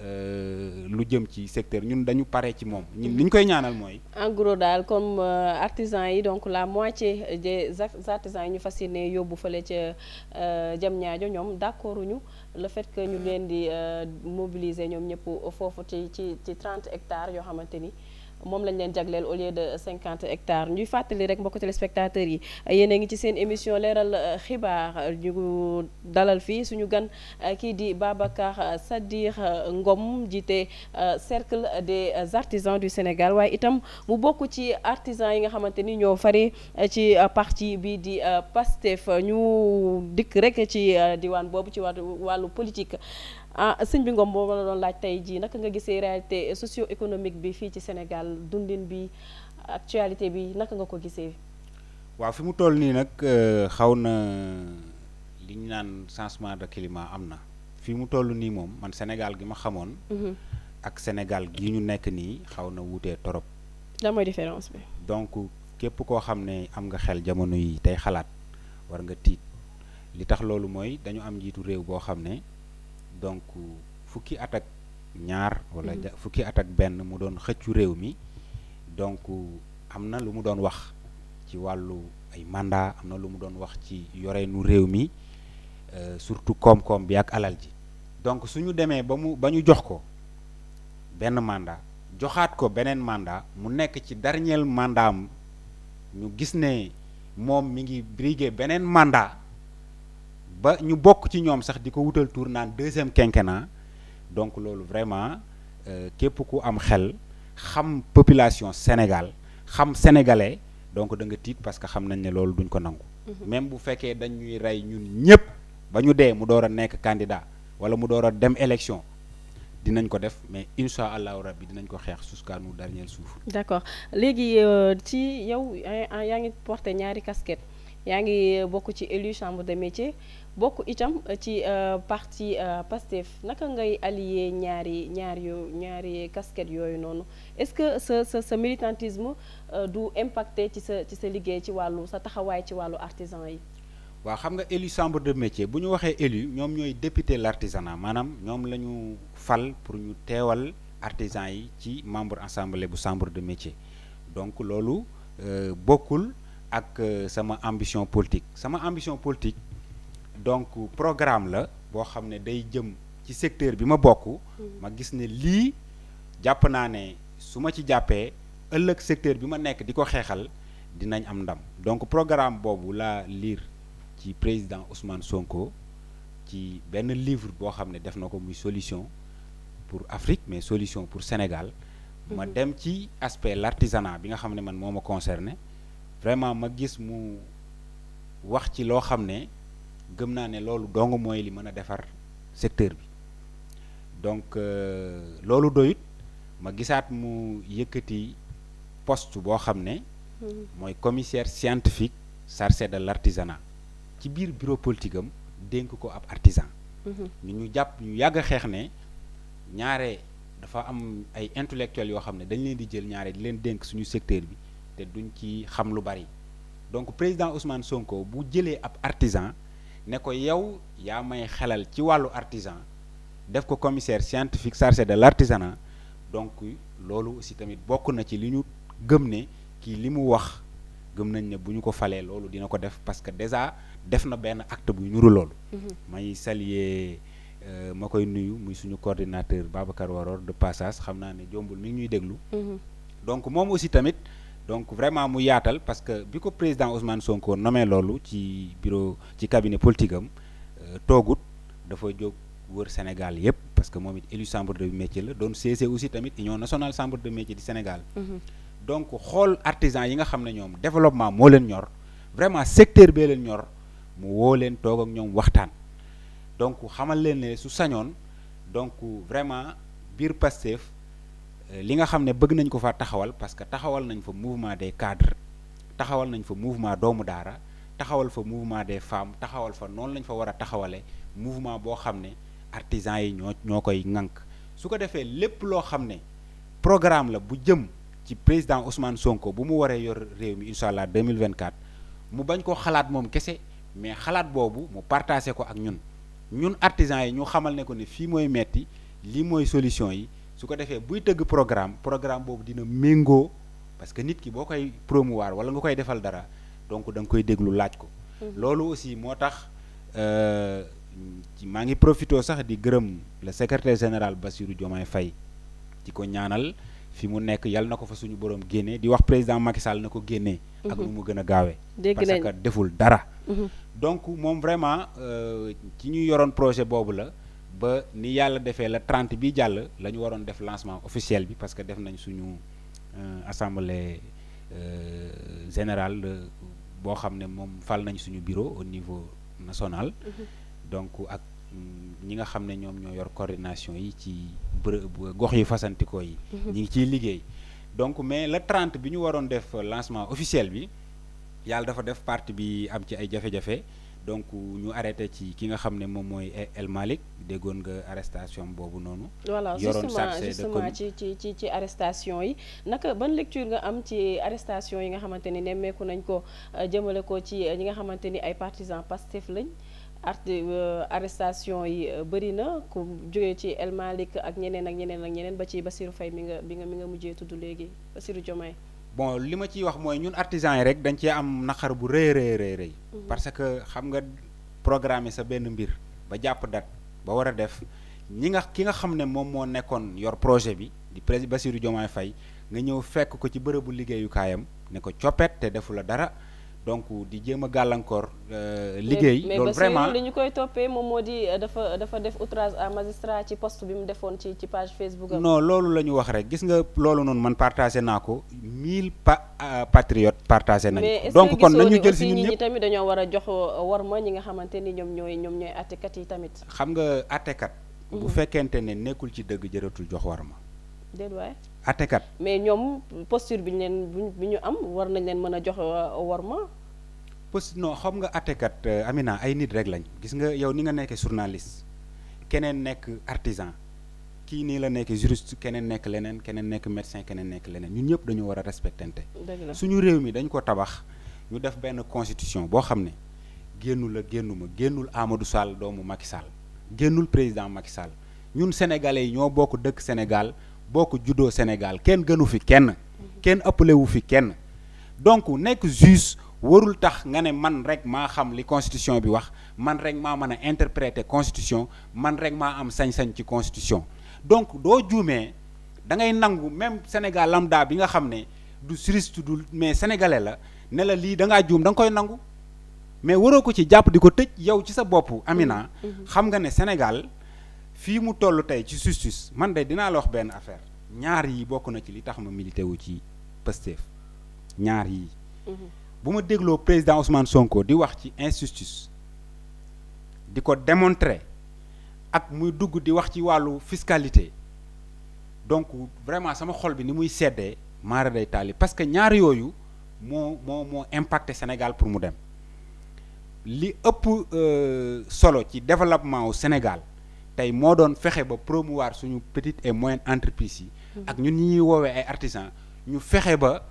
Euh, lu jëm ci secteur ñun dañu pare ci moom ñun li ñu koy ñaanal mooy. en gros daal comme euh, artisans yi donc la moitié des artisans yi ñu fas yéene yóbbu fële ca euh, jam ñaajo ñoom d'accorduñu le fait que ñu leen di mobiliser ñoom ñëpp foofu ci ci ci trente hectares yoo xamante ni. moom lañ leen jagleel au lieu de 50 hectares ñuy fàttali rek mbokk téléspectateurs yi yéen a ngi ci seen émission leeral xibaar ñu dalal fii suñu gan kii di Babacar Sadikh Ngom jiite euh, cercle des artisans du Sénégal waaye itam mu bokk ci artisans yi nga xamante ni ñoo fari euh, ci euh, parti bii di Pastef ñu dikk rek ci diwaan boobu ci wàllu politique ah sëñ bi Ngom boobu la doon laaj tey jii naka nga gisee réalité socio-économique bi fii ci Sénégal dundin bi actualité bi naka nga ko gisee. waaw fi mu toll nii nag euh, xaw na li ñu naan changement de climat am na fi mu toll nii moom man Sénégal gi ma xamoon. Mhm. ak Sénégal gi ñu nekk nii xaw na wuutee torop. lan différence bi. donc képp koo xam ne am nga xel jamono yi tey xalaat war nga tiit li tax loolu mooy dañu am njiitu réew boo xam ne. donc fukki at ak ñaar wala mhm. fukki at ak benn mu doon xëccu réew mi donc am na lu mu doon wax ci wàllu ay mandat am na lu mu doon wax ci yoreenu réew mi euh, surtout koom-koom bi ak alal ji donc suñu demee ba mu ba ñu jox ko benn mandat joxaat ko beneen mandat mu nekk ci dernier mandat ñu gis ne moom mi ngi briguer beneen mandat ba ñu bokk ci ñoom sax di ko wutal tour naan deuxième quinquennat donc loolu vraiment euh, képp ku am xel xam population Sénégal xam sénégalais donc da nga tiit parce que xam nañ ne loolu duñ ko nangu. Mhm. même bu fekkee dañ ñuy rey ñun ñëpp ba ñu dee mu door a nekk candidat wala mu door a dem élection. dinañ ko def mais incha allahu rabbi dinañ ko xeex jusqu'à nu dernier suuf d' accord léegi euh, ci yow yaa ngi porté ñaari casquette yaa ngi euh, bokk ci élu chambre de métier bokk itam euh, ci euh, parti euh, Pastef naka ngay allier ñaari ñaari yo ñaari casquette yooyu noonu est-ce que sa sa sa militantisme du impacte ci sa sa liggéey ci wàllu sa taxawaay ci wàllu artisan yi waa xam nga élu sambre de métier bu ñu waxee élu ñoom ñooy député l'artisanat maanaam ñoom la ñu fal pour ñu teewal artisan yi ci membre assemblée bu chambre de métier donc loolu bokkul ak sama ambition politique sama ambition politique donc programme la boo xam ne day jëm ci secteur bi ma bokk ma gis ne lii jàpp naa ne su ma ci jàppee ëllëg secteur bi ma nekk di ko xeexal dinañ am ndam donc programme boobu laa liir ci président Ousmane Sonko ci benn livre boo xam ne def na ko muy solution pour Afrique mais solution pour Sénégal ma mhm. dem ci aspect l'artisanat bi nga xam ne man moo ma concerné vraiment ma gis mu wax ci loo xam ne gëm naa ne loolu dong mooy li mën a defar secteur bi donc euh, loolu doyut ma gisaat mu yëkkati poste boo xam ne hmm. mooy commissaire scientifique chargé de l'artisanat ci biir bureau politique am dénk ko ab artisan hmm. ñu ñu jàpp ñu yàgg xeex ne ñaare dafa am ay intellectuels yoo xam ne dañ leen di jël ñaare di leen dénk suñu secteur bi te duñ ci xam lu bari donc président Ousmane Sonko bu jëlee ab artisan ne ko yow yaa may xelal ci wàllu artisan def ko commissaire scientifique chargé de l'artisanat donc loolu aussi tamit bokk na ci li ñu gëm ne kii li mu wax gëm nañ ne bu ñu ko falee loolu dina ko def parce que déjà def na benn acte bu ñuru loolu mhm. may saluer euh, ma koy nuyu muy suñu coordinateur Babacar Waror de passage xam naa ne jombul mi ñuy déglu mhm. donc moom aussi tamit donc vraiment mu yaatal parce que bi ko président Ousmane Sonko nommé loolu ci bureau ci cabinet politique am euh, toogut dafa jóg wër Sénégal yëpp parce que moom it élu chambre de métier la doon CESE aussi tamit union nationale chambre de métier du Sénégal. Mhm. donc xool artisan yi nga xam ne ñoom développement moo leen ñor vraiment secteur bee leen ñor mu woo leen toog ak ñoom waxtaan donc xamal leen ne su sañoon donc vraiment biir Pastef Euh, li nga xam ne bëgg nañ ko faa taxawal parce que taxawal nañ fa mouvement des cadres taxawal nañ fa mouvement doomu daara taxawal fa mouvement des femmes taxawal fa noonu lañ fa war a taxawale mouvement boo xam ne artisans yi ñoo ñoo koy ŋànk su ko defee lépp loo xam ne programme la bu jëm ci président Ousmane Sonko bu mu waree yor réew mi incha allah 2024 mu bañ ko xalaat moom kese mais xalaat boobu mu partagé ko ak ñun ñun artisans yi ñu xamal ne ko ne fii mooy metti lii mooy solution yi su ko defee buy tëgg programme programme boobu dina méngoo parce que nit ki boo koy promouvoir wala nga koy defal dara donc danga koy déglu laaj ko. Mhm. loolu aussi moo tax euh, maa ngi profité sax di gërëm la secretaire général Bassirou Diomaye fay di ko ñaanal fi mu nekk yàlla na ko fa suñu borom génnee di wax président Macky Sall na ko génnee. ak mhm. nu mu gën a gaawee. parce deful dara. Mhm. donc moom vraiment ci euh, ñuy yoroon projet boobu la. ba ni yàlla defee la 30 bi jàll la ñu waroon def lancement officiel bi parce que def nañ suñu euh, assemblée euh, générale boo xam ne moom fal nañ suñu bureau au niveau national mm-hmm. donc ak mm, ñi nga xam ne ñoom ñoo yor coordination yi ci gox yu fasantikoo yi mm-hmm. ñi ngi ciy liggéey donc mais le 30 bi ñu waroon def lancement officiel bi yàlla dafa def parti bi am ci ay jafe-jafe donc ñu arrêté ci ki nga xam ne moom mooy El Malick déggoon nga arrestation boobu noonu. voilà justement justement ci ci ci ci arrestation yi naka ban lecture nga am ci arrestation yi nga xamante ni nemmeeku nañ ko euh, jëmale ko ci euh, ñi nga xamante ni ay partisans Pastef lañ. art euh, arrestation yi bëri na ku jógee ci El Malick ak ñeneen ak ñeneen ak ñeneen ba ci Bassirou Faye mi nga bi nga mi nga mujjee tudd léegi Bassirou Diomaye bon li ma ciy wax mooy ñun artisans yi rek dañ cee am naqar bu rëy rëy rëy mhm. parce que xam nga programmer sa benn mbir ba jàpp date ba war a def ñi nga ki nga xam ne moom moo nekkoon yor projet bi di président Bassirou Diomaye Faye nga ñëw fekk ko ci bërëbu liggéeyukaayam ne ko coppet te defu la dara donc di jéem a gàllankoor. Euh, liggéey loolu vraiment mais li ñu koy toppee moom moo di euh, dafa dafa def outrage à magistrat ci poste bi mu defoon ci ci page Facebook am. non loolu la ñu wax rek gis nga loolu noonu man partagé naa ko mille pa euh, patriotes partagé nañu. donc kon nañu jël si ñun ñi tamit dañoo war a jox war ma ñi nga xamante ni ñoom ñooy ñoom ñooy àttekat yi tamit. xam nga àttekat. bu mm-hmm. fekkente ne nekkul ci dëgg jëratul jox war ma. atekat mais ñoom posture bi ñu leen bi ñu am war nañ leen mën a jox euh, ma post noo xam nga atekat euh, Amina ay nit rek lañ gis nga yow ni nga nekkee journaliste keneen nekk artisan kii nii la nekk juriste keneen nekk leneen keneen nekk médecin keneen nekk leneen ñun ñëpp dañu war a respectante suñu réew mi dañ ko tabax ñu def benn constitution boo xam ne génnul la génnuma génnul Amadou Sall doomu Macky Sall génnul président Macky Sall ñun sénégalais yi ñoo bokk dëkk Sénégal boo ko juddoo Sénégal kenn gënu fi kenn kenn ëppale wu fi kenn donc nekk juge warul tax nga ne man rek maa xam li constitution bi wax man rek maa mën a interpreté constitution man rek maa am sañ-sañ ci constitution donc doo juumee da ngay nangu même Sénégal lambda bi nga xam ne du juriste du mais sénégalais la ne la lii da ngaa juum da nga koy nangu mais waroo ko ci jàpp di ko tëj yow ci sa bopp Amina mm-hmm. xam nga ne Sénégal fii mu toll tey ci justice man de dinaa la wax benn affaire ñaar yi bokk na ci li tax ma milité wu ci Pastef ñaar yi mhm. bu ma dégloo président Ousmane Sonko di wax ci injustice di ko démontrer ak muy dugg di wax ci wàllu fiscalité donc vraiment sama xol bi ni muy seddee maara day taali parce que ñaar yooyu moo moo moo Sénégal pour mu dem li ëpp euh, solo ci développement wu Sénégal tey moo doon fexe ba promouvoir suñu petite et moyenne entreprise yi mm-hmm. ak ñun ni ñuy woowee ay artisans ñu fexe ba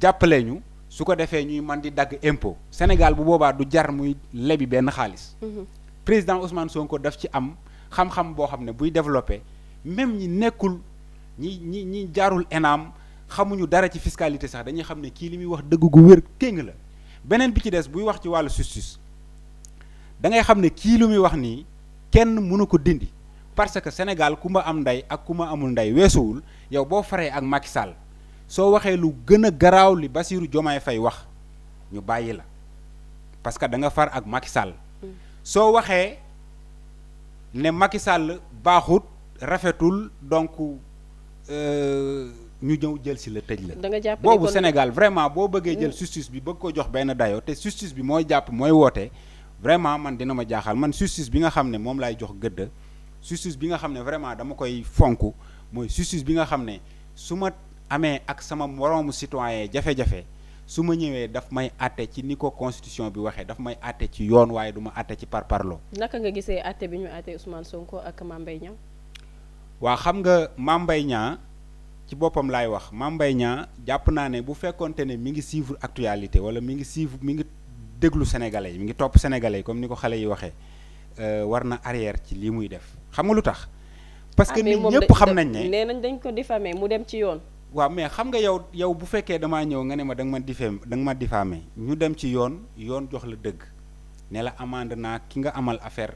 jàppale ñu su ko defee ñuy man di dagg impôt Sénégal bu boobaa du jar muy lebi benn xaalis mm-hmm. président Ousmane Sonko daf ci am xam-xam boo xam ne buy développé même ñi nekkul ñi ñi ñi jaarul ENAM xamuñu dara ci fiscalité sax dañuy xam ne kii li muy wax dëgg gu wér kéng la beneen bi ci des buy wax ci wàll justice da xam ne kii lu muy wax nii kenn mënu ko dindi parce que Sénégal ku am ndey ak ku ma amul ndey weesuwul yow boo faree ak Macky Sall soo waxee lu gën a garaaw li Bassirou Diomaye fay wax ñu bàyyi la parce que da nga far ak Macky Sall soo waxee ne Macky Sall baaxut rafetul donc euh, ñu ñëw jël si la tëj la boobu Sénégal vraiment boo bëggee jël justice bi bëgg ko jox benn dayoo te justice bi mooy jàpp mooy woote vraiment man dina ma jaaxal man justice bi nga xam ne moom laay jox gëdd justice bi nga xam ne vraiment dama koy fonk mooy justice bi nga xam ne su ma amee ak sama moroomu citoyen jafe-jafe su ma ñëwee daf may àtte ci ni ko constitution bi waxee daf may àtte ci yoon waaye duma ma àtte ci par parloo. naka nga gisee àtte bi ñu àtte Ousmane Sonko ak Mame Mbaye waa xam nga mambay ñaa ci boppam laay wax Mame ñaa jàpp naa ne bu fekkonte ne mi ngi suivre actualité wala mi ngi suivre mi déglu sénégalais yi mi ngi topp sénégalais yi comme ni ko xale yi waxee euh, war na arrière ci lii muy def xam nga lu tax. parce que ah, nit ñëpp xam nañ ne nee nañ dañ ko diffamé mu dem ci yoon. waaw mais xam nga yow yow bu fekkee damaa ñëw nga ne ma danga ma diffamé danga ma diffamé ñu dem ci yoon yoon jox la dëgg ne la amande naa ki nga amal affaire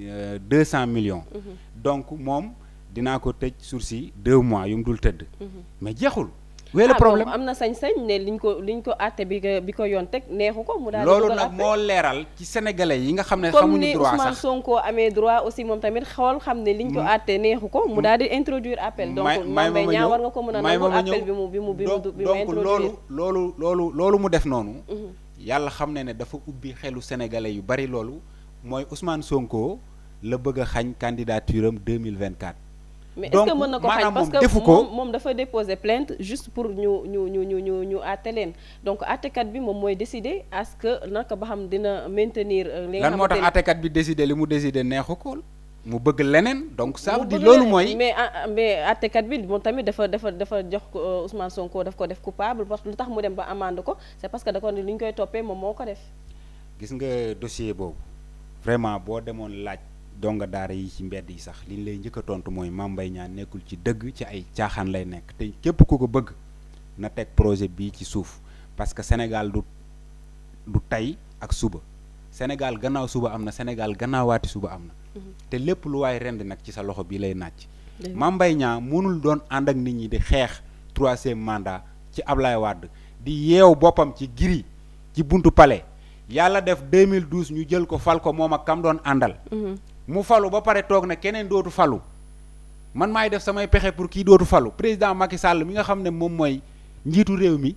euh, deux cent millions. Mhm. donc moom dinaa ko tëj sursis deux mois yu mu dul tëdd. Mhm. mais jeexul. wee ah, problème am na sañ-sañ ne liñ ko liñ ko àtte bi ko bi ko yoon teg neexu ko mu daal loolu nag moo leeral ci sénégalais yi nga xam ne xamuñu droit ni Ousmane Sonko amee droit aussi moom tamit xool xam ne liñ ko mm. àtte neexu ko mu mm. daal di introduire appel donc may ñaa war nga ko mën a nangu appel bi mu bi mu bi mu donc loolu loolu loolu loolu mu def noonu mm-hmm. yàlla xam ne ne dafa ubbi xelu sénégalais yu bari loolu mooy Ousmane Sonko la bëgg a xañ candidature am 2024 mais est-ce mën na ko xañ parce que moom moom dafa déposer plainte juste pour ñu ñu ñu ñu ñu ñu àtte leen donc àttekat bi moom mooy décider à que naka ba xam dina maintenir. Euh, li nga xamante lan moo tax àttekat bi décider li mu décider neexu ko mu bëgg leneen donc ça di loolu mooy mais ah, ah, mais àttekat bi moom tamit dafa dafa dafa jox ko euh, Ousmane Sonko daf ko def coupable parce que lu tax mu dem ba amande ko c'est parce que da ko ni ñu koy toppee moom moo ko def. gis nga dossier boobu vraiment boo demoon laaj. donga daara yi ci mbedd yi sax li ñu lay njëkk tontu mooy Mame Mbaye Niang nekkul ci dëgg ci ay caaxaan lay nekk te képp ku ko bëgg na teg projet bii ci suuf parce que Sénégal du tey ak suba Sénégal gannaaw suba am na Sénégal gannaawaati suba am na. Mhm. te lépp lu waaye rend nag ci sa loxo bi lay nàcc. Mame ñaa Niang mënul doon ànd ak nit ñi di xeex troisième mandat ci Ablaye Wade di yeew boppam ci giri ci buntu pale yàlla def 2012 ñu jël ko fal ko moom ak kam doon àndal. Mhm. mu falu ba pare toog ne keneen dootu falu man maay def samay pexe pour kii dootu falu président Macky Sall mi nga xam ne moom mooy njiitu réew mi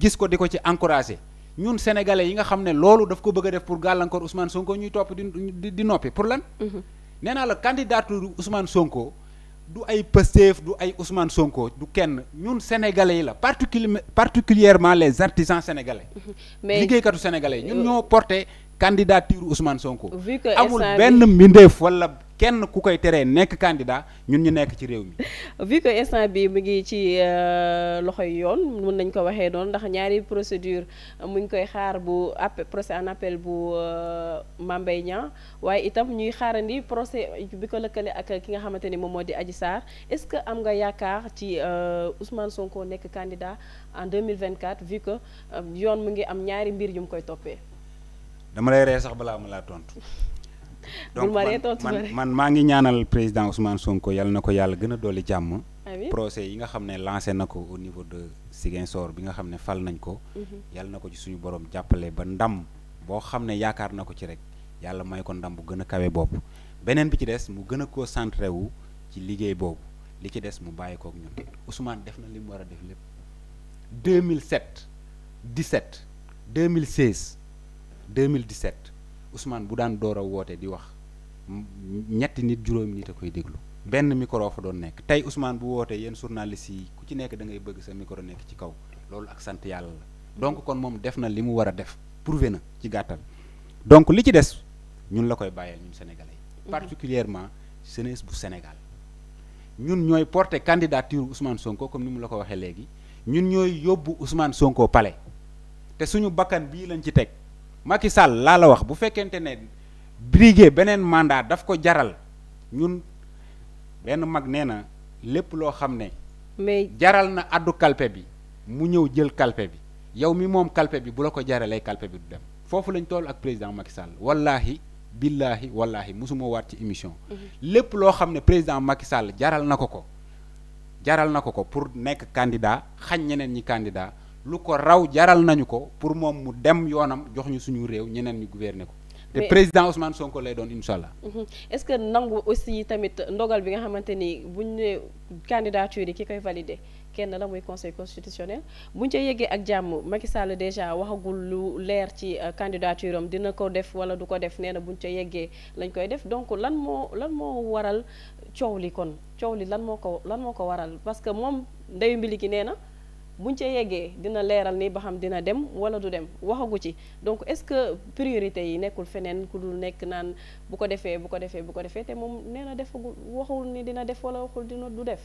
gis ko di ko ci encouragé ñun sénégalais yi nga xam ne loolu daf ko bëgg a pour gàllankoor Ousmane Sonko ñuy topp di di noppi pour lan. Mhm. nee naa la candidature Ousmane Sonko du ay Pastef du ay Ousmane Sonko du kenn ñun sénégalais yi la particulièrement les artisans sénégalais. Mhm. mais liggéeykatu sénégalais ñun euh, ñoo porté. candidature Ousmane Sonko. amul benn mbindeef wala kenn ku koy teree nekk candidat ñun ñu nekk ci réew mi. vu que instant bi mu ngi ci euh, loxo yi yoon mën nañ ko waxee noonu ndax ñaari procédure mu ngi koy xaar bu appel procès en appel bu euh, Mame Mbaye Niang waaye itam ñuy xaarandi procès bi ko lëkkale ak ki nga xamante ni moom moo di aji Sarr est-ce que am nga yaakaar ci euh, Ousmane Sonko nekk candidat en vingt vu que yoon mu ngi am ñaari mbir yu mu koy toppee. dama lay ree sax balaa ma laa tontu. donc man man maa ngi ñaanal président Ousmane Sonko yal na ko yàlla gën a dolli jàmm. Ah procès yi nga xam ne lancé na ko au niveau de Ziguinchor bi nga xam ne fal nañ ko. Mhm. yal na ko ci suñu borom jàppale ba ndam boo xam ne yaakaar na ko ci rek yàlla may ko ndam bu gën a kawe bopp. beneen bi ci des mu gën a concentré wu ci liggéey boobu li ci des mu bàyyi kook ñun Ousmane def na li mu war a def lépp 2007 17 2016. mille 2017 Ousmane bu daan door a wootee di wax ñetti nit juróomi nit a koy déglu benn micro fa doon nekk tey Ousmane bu wootee yéen journaliste yi ku ci nekk da ngay bëgg sa mikoro nekk ci kaw loolu ak sant yàlla la donc kon moom def na li mu war a def prouvé na ci gàttal donc li ci des ñun la koy bàyyee ñun sénégalais yi mhm. particulièrement jeunesse bu Sénégal ñun ñooy porté candidature Ousmane Sonko comme ni mu la ko waxee léegi ñun ñooy yóbbu Ousmane Sonko palais te suñu bakkan bii lañ ci teg Macky Sall laa la wax bu fekkente ne briguer beneen mandat daf ko jaral ñun benn mag nee na lépp loo xam ne. mais jaral na addu kalpe bi mu ñëw jël kalpe bi yow mi moom kalpe bi bu la ko jaralee kalpe bi du dem foofu lañ toll ak président Macky Sall wallaahi billaahi wallaahi mosuma waat ci émission. Mhm. lépp loo xam ne président Macky Sall jaral na ko ko jaral na ko ko pour nekk candidat xañ ñeneen ñi candidat. lu ko raw jaral nañu ko pour moom mu dem yoonam jox ñu suñu réew ñeneen ñu gouverner ko te président Ousmane Sonko lay doon incha allah. Mhm. est-ce que nangu aussi tamit ndogal bi nga xamante ni buñ ne candidature yi ki koy valider kenn la muy conseil constitutionnel buñ ca yeggee ak jàmm Macky Sall déjà waxagul lu leer ci euh, candidature am dina ko def wala du ko def nee na buñ ca yeggee lañ koy def donc lan moo lan moo waral coow li kon coow li lan moo ko lan moo ko waral parce que moom ndeyu mbili gi nee na. buñ ca yeggee dina leeral nii ba xam dina dem wala du dem waxagu ci donc est-ce que priorité yi nekkul feneen ku dul nekk naan bu ko defee bu ko defee bu ko defee te moom nee na defagul waxul ni dina def wala waxul dina du def.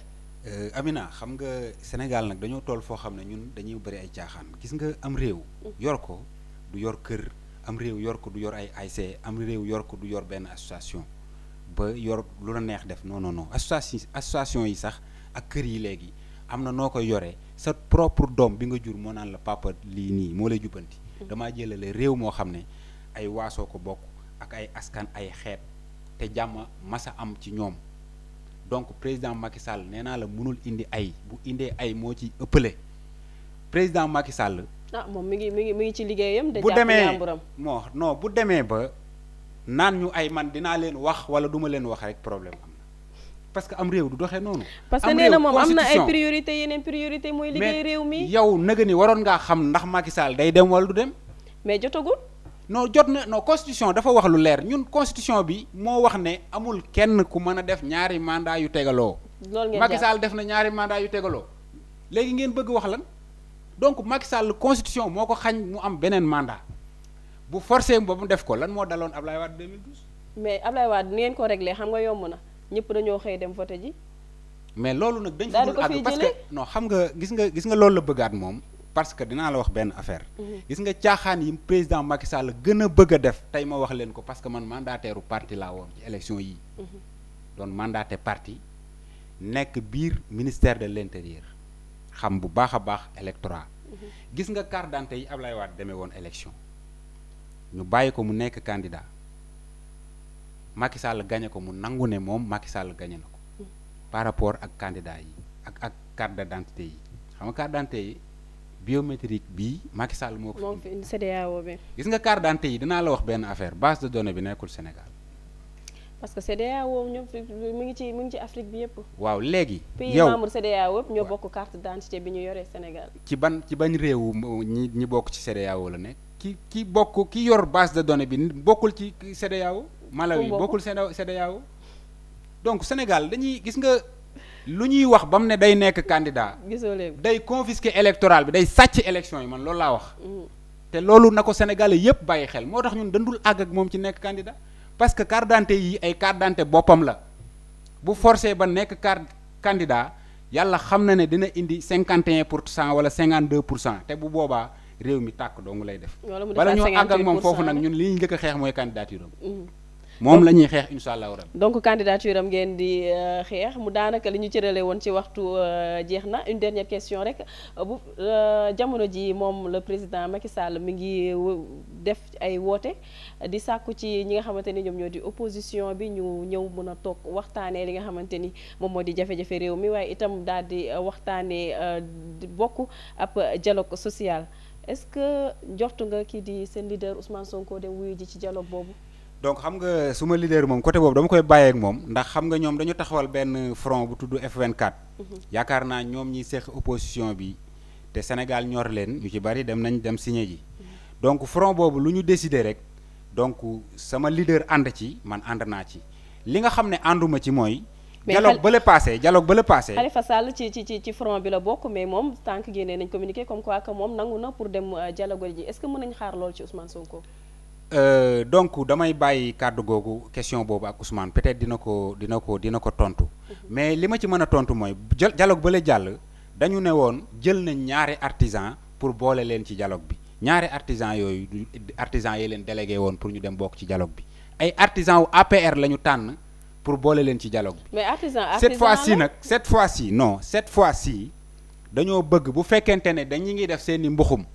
Euh, Amina xam nga Sénégal nag dañoo toll foo xam ne ñun dañuy bëri ay gis nga am réew. yor ko du yor kër am réew yor ko du yor ay AIC am réew yor ko du yor benn association ba yor lu la neex def non non non association yi sax ak kër yi léegi am na noo koy yoree. sa propre doom bi nga jur moo naan la papa lii nii moo lay jubbanti mm-hmm. damaa jëlale réew moo xam ne ay waasoo ko bokk ak ay askan ay xeet te jàmm masa am ci ñoom donc président Macky Sall nee naa la mënul indi ay bu indee ay moo ci ëppale président Macky sàll ah moom mi ngi mi ngi mi ngi ci liggéeyam. bu demee non no bu demee ba naan ñu ay man dinaa leen wax wala duma leen wax rek problème am. parce que am réew du doxee noonu. parce que nee na moom am na ay priorité yeneen priorité mooy liggéey réew mi. yow naga ni waroon ngaa xam ndax Macky Sall day dem wala du dem. mais jotagul. non jot na non constitution dafa wax lu leer ñun constitution bi moo wax ne amul kenn ku mën a def ñaari mandat yu tegaloo. loolu ngeen Macky def na ñaari mandat yu tegaloo. léegi ngeen bëgg wax lan donc Macky Sall constitution moo ko xañ mu am beneen mandat bu forcé ba mu def ko lan moo daloon ab Wade 2012. mais Ablaye ngeen ko réglé xam nga yomb na. ñëpp dañoo xëy dem voté ji. mais loolu nag dañ fa dul àgg parce que non xam nga gis nga gis nga loolu la bëggaat moom parce que dinaa la wax benn affaire. Mhm. gis nga caaxaan yi président Macky Sall gën a bëgg a def tey ma wax leen ko parce que man mandataire parti laa woon ci élection yi mhm. doon mandaté parti nekk biir ministère de l' intérieur xam bu baax a baax électorat. Mhm. gis nga carte d'identité yi Ablaye Wade demee woon élection ñu bàyyi ko mu nekk candidat. Macky Sall gagné ko mu nangu ne moom Macky Sall gagné na ko par rapport ak candidat yi ak ak carte d'identité yi xam nga carte d'identité yi biométrique bii Macky Sall moo ko fi indi CEDEAO nga carte d'identité yi dinaa la wax benn affaire base de données bi nekkul Sénégal parce que mu ngi ci mu ci Afrique bi yëpp waaw léegi pays membre CEDEAO yëpp ñoo bokk carte d'identité bi ñu yoree Sénégal ci ban ci bañ réew ñi ñi bokk ci CEDEAO la nekk ki ki bokk ki yor base de donné bi bokkul ci CEDEAO Malawi bokkul CEDEAO donc Sénégal dañuy gis nga lu ñuy wax ba mu ne day nekk candidat day confisquer électoral bi day sàcc élection yi man loolu laa wax mm. te loolu na ko Sénégalais yépp bàyyi xel moo tax ñun dëndul àgg ak moom ci nekk candidat parce que carte d'identité yi ay carte d'identité boppam la bu forcé ba nekk carte candidat yàlla xam na ne dina indi cinquante et un pour cent wala cinquante deux pour cent te bu boobaa réew mi tàkk dong lay def bala ñoo àgg ak moom foofu nag ñun li ñu njëkk a xeex mooy candidature am mm. moom la ñuy xeex incha allahu rabbi donc candidature am ngeen di euh, xeex mu daanaka li ñu cërale woon ci waxtu euh, jeex na une dernière question rek euh, bu jamono ji moom la président Macky Sall mi ngi def ay woote di sàkku ci ñi nga xamante ni ñoom ñoo di opposition bi ñu ñëw mën a toog waxtaanee li nga xamante ni moom moo di jafe-jafe réew mi waaye itam daal di waxtaanee bokk ab dialogue social est-ce que njortu nga kii di seen leader Ousmane Sonko dem wuyu ji ci dialogue boobu donc xam nga suma leader moom côté boobu dama koy bàyyeek moom ndax xam nga ñoom dañu taxawal benn front bu tudd F24. Mhm. yaakaar naa ñoom ñi seq opposition bi te Sénégal ñor leen ñu ci bari dem nañ dem signé ji. Mhm. donc front boobu lu ñu décidé rek donc sama leader ànd ci man ànd naa ci li nga xam ne ànduma ci mooy. mais dialogue ba la passé dialogue ba la passé. Khalifa Sall ci ci ci front bi la bokk mais moom tànk génnee nañ communiqué comme que moom Euh, donc damay bàyyi kàddu googu question boobu ak Ousmane peut-être dina ko dina ko dina ko tontu. mais li ma ci mën a tontu mooy dialogue ba la jàll dañu ne woon jël nañ ñaari artisan pour boole leen ci dialogue bi ñaari artisan yooyu artisan yi leen délégué woon pour ñu dem bokk ci dialogue bi ay artisan wu APR la ñu tànn pour boole leen ci dialogue bi. mais artisan fois-ci nag cette fois-ci non cette fois-ci dañoo bëgg bu fekkente ne dañu ngi def seen i mbuxum.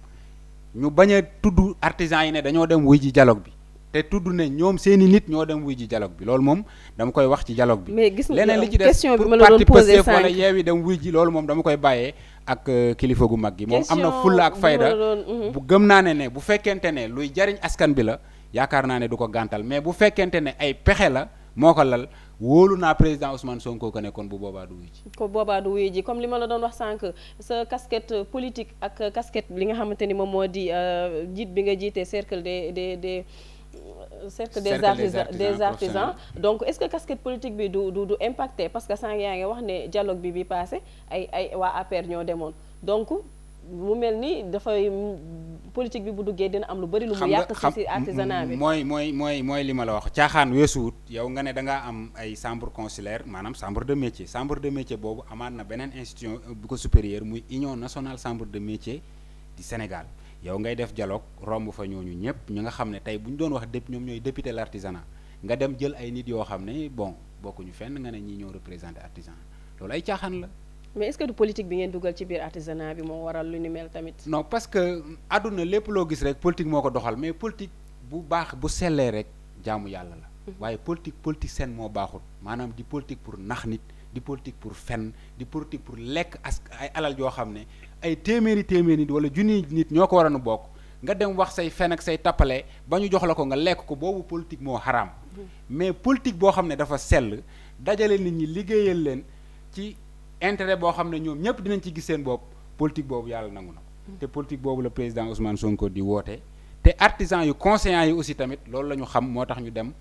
ñu bañ a tudd artisans yi ne dañoo dem wuy ji dialogue bi te tudd ne ñoom seeni nit ñoo dem wuy ji dialogue bi loolu moom dama koy wax ci dialogue bi. mais gis leneen li ci des pour parti Pastef wala Yewwi dem wuy ji loolu moom dama koy bàyyee ak euh, kilifa gu mag gi. moom am na fulla ak fayda mhm. bu gëm naa ne ne bu fekkente ne luy jariñ askan bi la yaakaar naa ne du ko gàntal mais bu fekkente ne ay pexe la moo ko lal wóolu naa président Ousmane Sonko ko nekkoon kon bu boobaa du wuy ji ko boobaa du wuy ji comme li ma la doon wax sànq sa casquette politique ak casquette li nga xamante ni moom moo di euh, jiit bi nga jiitee cercle de des des cercle des artisans des artisans donc est-ce que casquette politique bi du du du impacté parce que sànq yaa ngi wax ne dialogue bi bi passé ay ay waa APR ñoo demoon donc mu mel ni dafay politique bi bu duggee dina am lu bari lu mu yàq ci artisanat bi mooy mooy mooy mooy li ma la wax caaxaan weesuwut yow nga ne da ngaa am ay chambre consulaire maanaam sembre de métier sembre de métier boobu amaat na beneen institution bu ko supérieur muy union national sembre de métier du Sénégal yow ngay def dialogue romb fa ñooñu ñëpp ñu nga xam ne tey bu ñu doon wax dép ñoom ñooy député l' artisanat nga dem jël ay nit yoo xam ne bon bokkuñu fenn nga ne ñi ñoo représenté artisan loolu ay caaxaan la mais est-ce que du politique bi ngeen dugal ci biir artisanat bi moo waral lu ni mel tamit. non parce que àdduna lépp loo gis rek politique moo ko doxal mais politique bu baax bu sellee rek jaamu yàlla la. Mhm. waaye politique politique seen moo baaxul maanaam di politique pour nax nit di politique pour fen di politique pour lekk as ay alal yoo xam ne ay téeméeri téeméeri nit wala junniy nit ñoo ko waroon a bokk nga dem wax say fen ak say tappale ba ñu jox la ko nga lekk ko boobu politique moo xaraam mhm. mais politique boo xam ne dafa sell dajale nit ñi liggéeyal leen ci. intérêt boo xam ne ñoom ñëpp dinañ ci gis seen bopp politique boobu yàlla nangu na mm. te politique boobu la président Ousmane Sonko di woote te artisan yu conseillants yi aussi tamit loolu la ñu xam moo tax ñu dem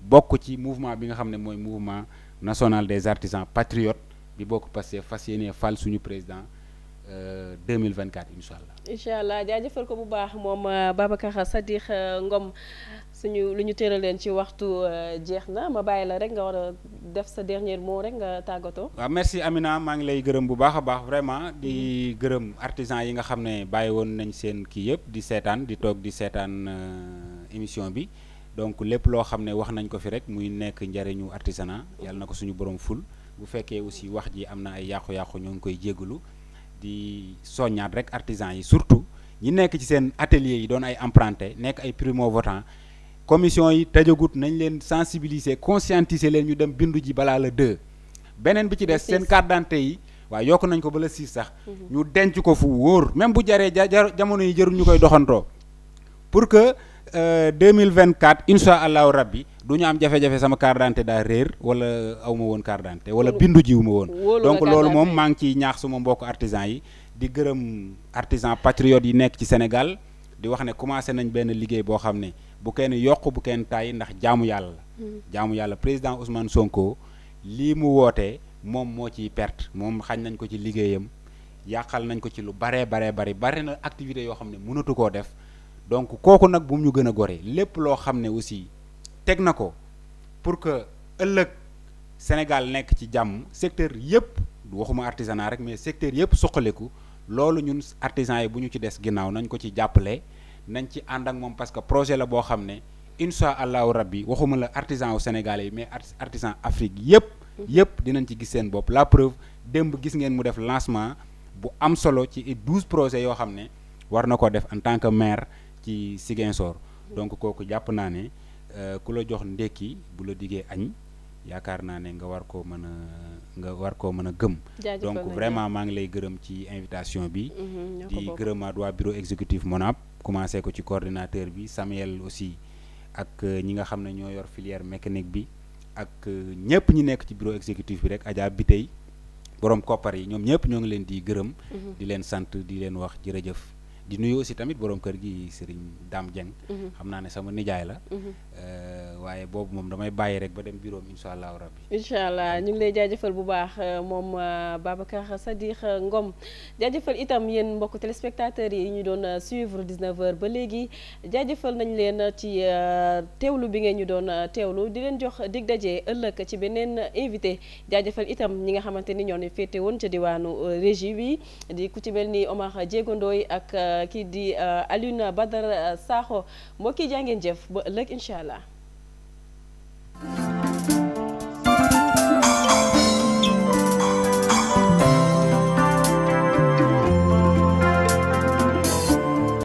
bokk ci mouvement bi nga xam ne mooy mouvement national des artisans patriotes bi bokk Pastef fas yéene fal suñu président 2024 euh, incha allah. incha allah jaajëfal ko bu baax moom euh, Babacar Sadikh euh, Ngom. suñu lu ñu tëral leen ci waxtu euh, jeex na ma bàyyi la rek nga war a def sa dernier mot rek nga tàggatoo. waaw merci Amina maa ngi lay gërëm bu baax a baax vraiment di gërëm artisan yi nga xam ne bàyyi woon nañ seen kii yëpp di seetaan di toog di seetaan euh, émission bi donc lépp loo xam ne wax nañ ko fi rek muy nekk njariñu artisanat yàlla na ko suñu borom ful bu fekkee aussi wax ji am na ay yàqu-yàqu ñoo ngi koy jégalu di soññaat rek artisan yi surtout ñi nekk ci seen atelier yi doon ay emprunté nekk ay primo votant commission yi tëjagut nañ leen sensibiliser conscientiser leen ñu dem bindu ji balaa la deux beneen bi ci des seen carte d'identité yi waaw yokk nañ ko ba la six sax mhm. ñu denc ko fu wóor même bu jaree ja jamono yi jërul ñu koy doxantoo pour que 2024 euh, incha allahu rabbi du ñu am jafe-jafe sama carte d'identité réer wala aw ma woon carte d'identité wala bindu jiw ma woon donc loolu moom maa ngi ciy ñaax suma mbokk artisan yi di gërëm artisan patriote yi nekk ci Sénégal di wax ne commencé nañ benn liggéey boo xam ne bu kenn yokk bu kenn tàyyi ndax jaamu yàlla la hmm. jaamu yàlla président Ousmane Sonko lii mu wootee moom moo ciy perte moom xañ nañ ko ci liggéeyam yàqal nañ ko ci lu baree baree bari bari na activité yoo xam ne mënatu koo def donc kooku nag bu mu ñu gën a gore lépp loo xam ne aussi teg na ko pour que ëllëg Sénégal nekk ci jàmm secteur yëpp waxuma artisanat rek mais secteur yëpp suqaliku loolu ñun artisans yi bu ñu ci des ginnaaw nañ ko ci jàppale nañ ci ànd ak moom parce que projet la boo xam ne incha allahu rabbi waxuma la artisan wu Sénégalais yi mais artisan Afrique yëpp. yëpp dinañ ci gis seen bopp la preuve démb gis ngeen mu def lancement bu am solo ci douze projets yoo xam ne war na ko def en tant que maire ci Ziguinchor. donc kooku jàpp naa ne euh, ku la jox ndékki bu la diggee añ yaakaar naa ne nga war koo mën a nga war koo mën a gëm donc vraiment maa ngi lay gërëm ci invitation bi mm-hmm, di gërëmaat waa bureau exécutif MONAP commencé ko ci coordinateur bi Samuel aussi ak euh, ñi nga xam ne ñoo yor filière mécanique bi ak euh, ñëpp ñi nekk ci bureau exécutif bi rek Adja bi tey boroom koppar yi ñoom ñëpp ñoo ngi leen di gërëm. Mm-hmm. di leen sant di leen wax jërëjëf. di nuyu aussi tamit boroom kër gi Serigne Dame Dieng. Mm-hmm. xam naa ne sama nijaay la. Mm-hmm. Euh, waaye boobu moom damay bàyyi rek ba dem bureau am incha allah ñu ngi lay jaajëfal bu baax euh, moom euh, Babacar Sadikh Ngom jaajëfal itam yéen mbokk téléspectateurs yi ñu doon suivre 19h ba léegi jaajëfal nañ leen ci teewlu bi ngeen ñu doon teewlu di leen jox dig daje ëllëg ci beneen invité jaajëfal itam ñi nga xamante ni ñoo ne féete woon ca diwaanu régie bi di ku ci mel ni Omar Diego Ndoye ak kii di Alioune Badara Sakho mbokk yi jaa ngeen jëf ba ëllëg incha taala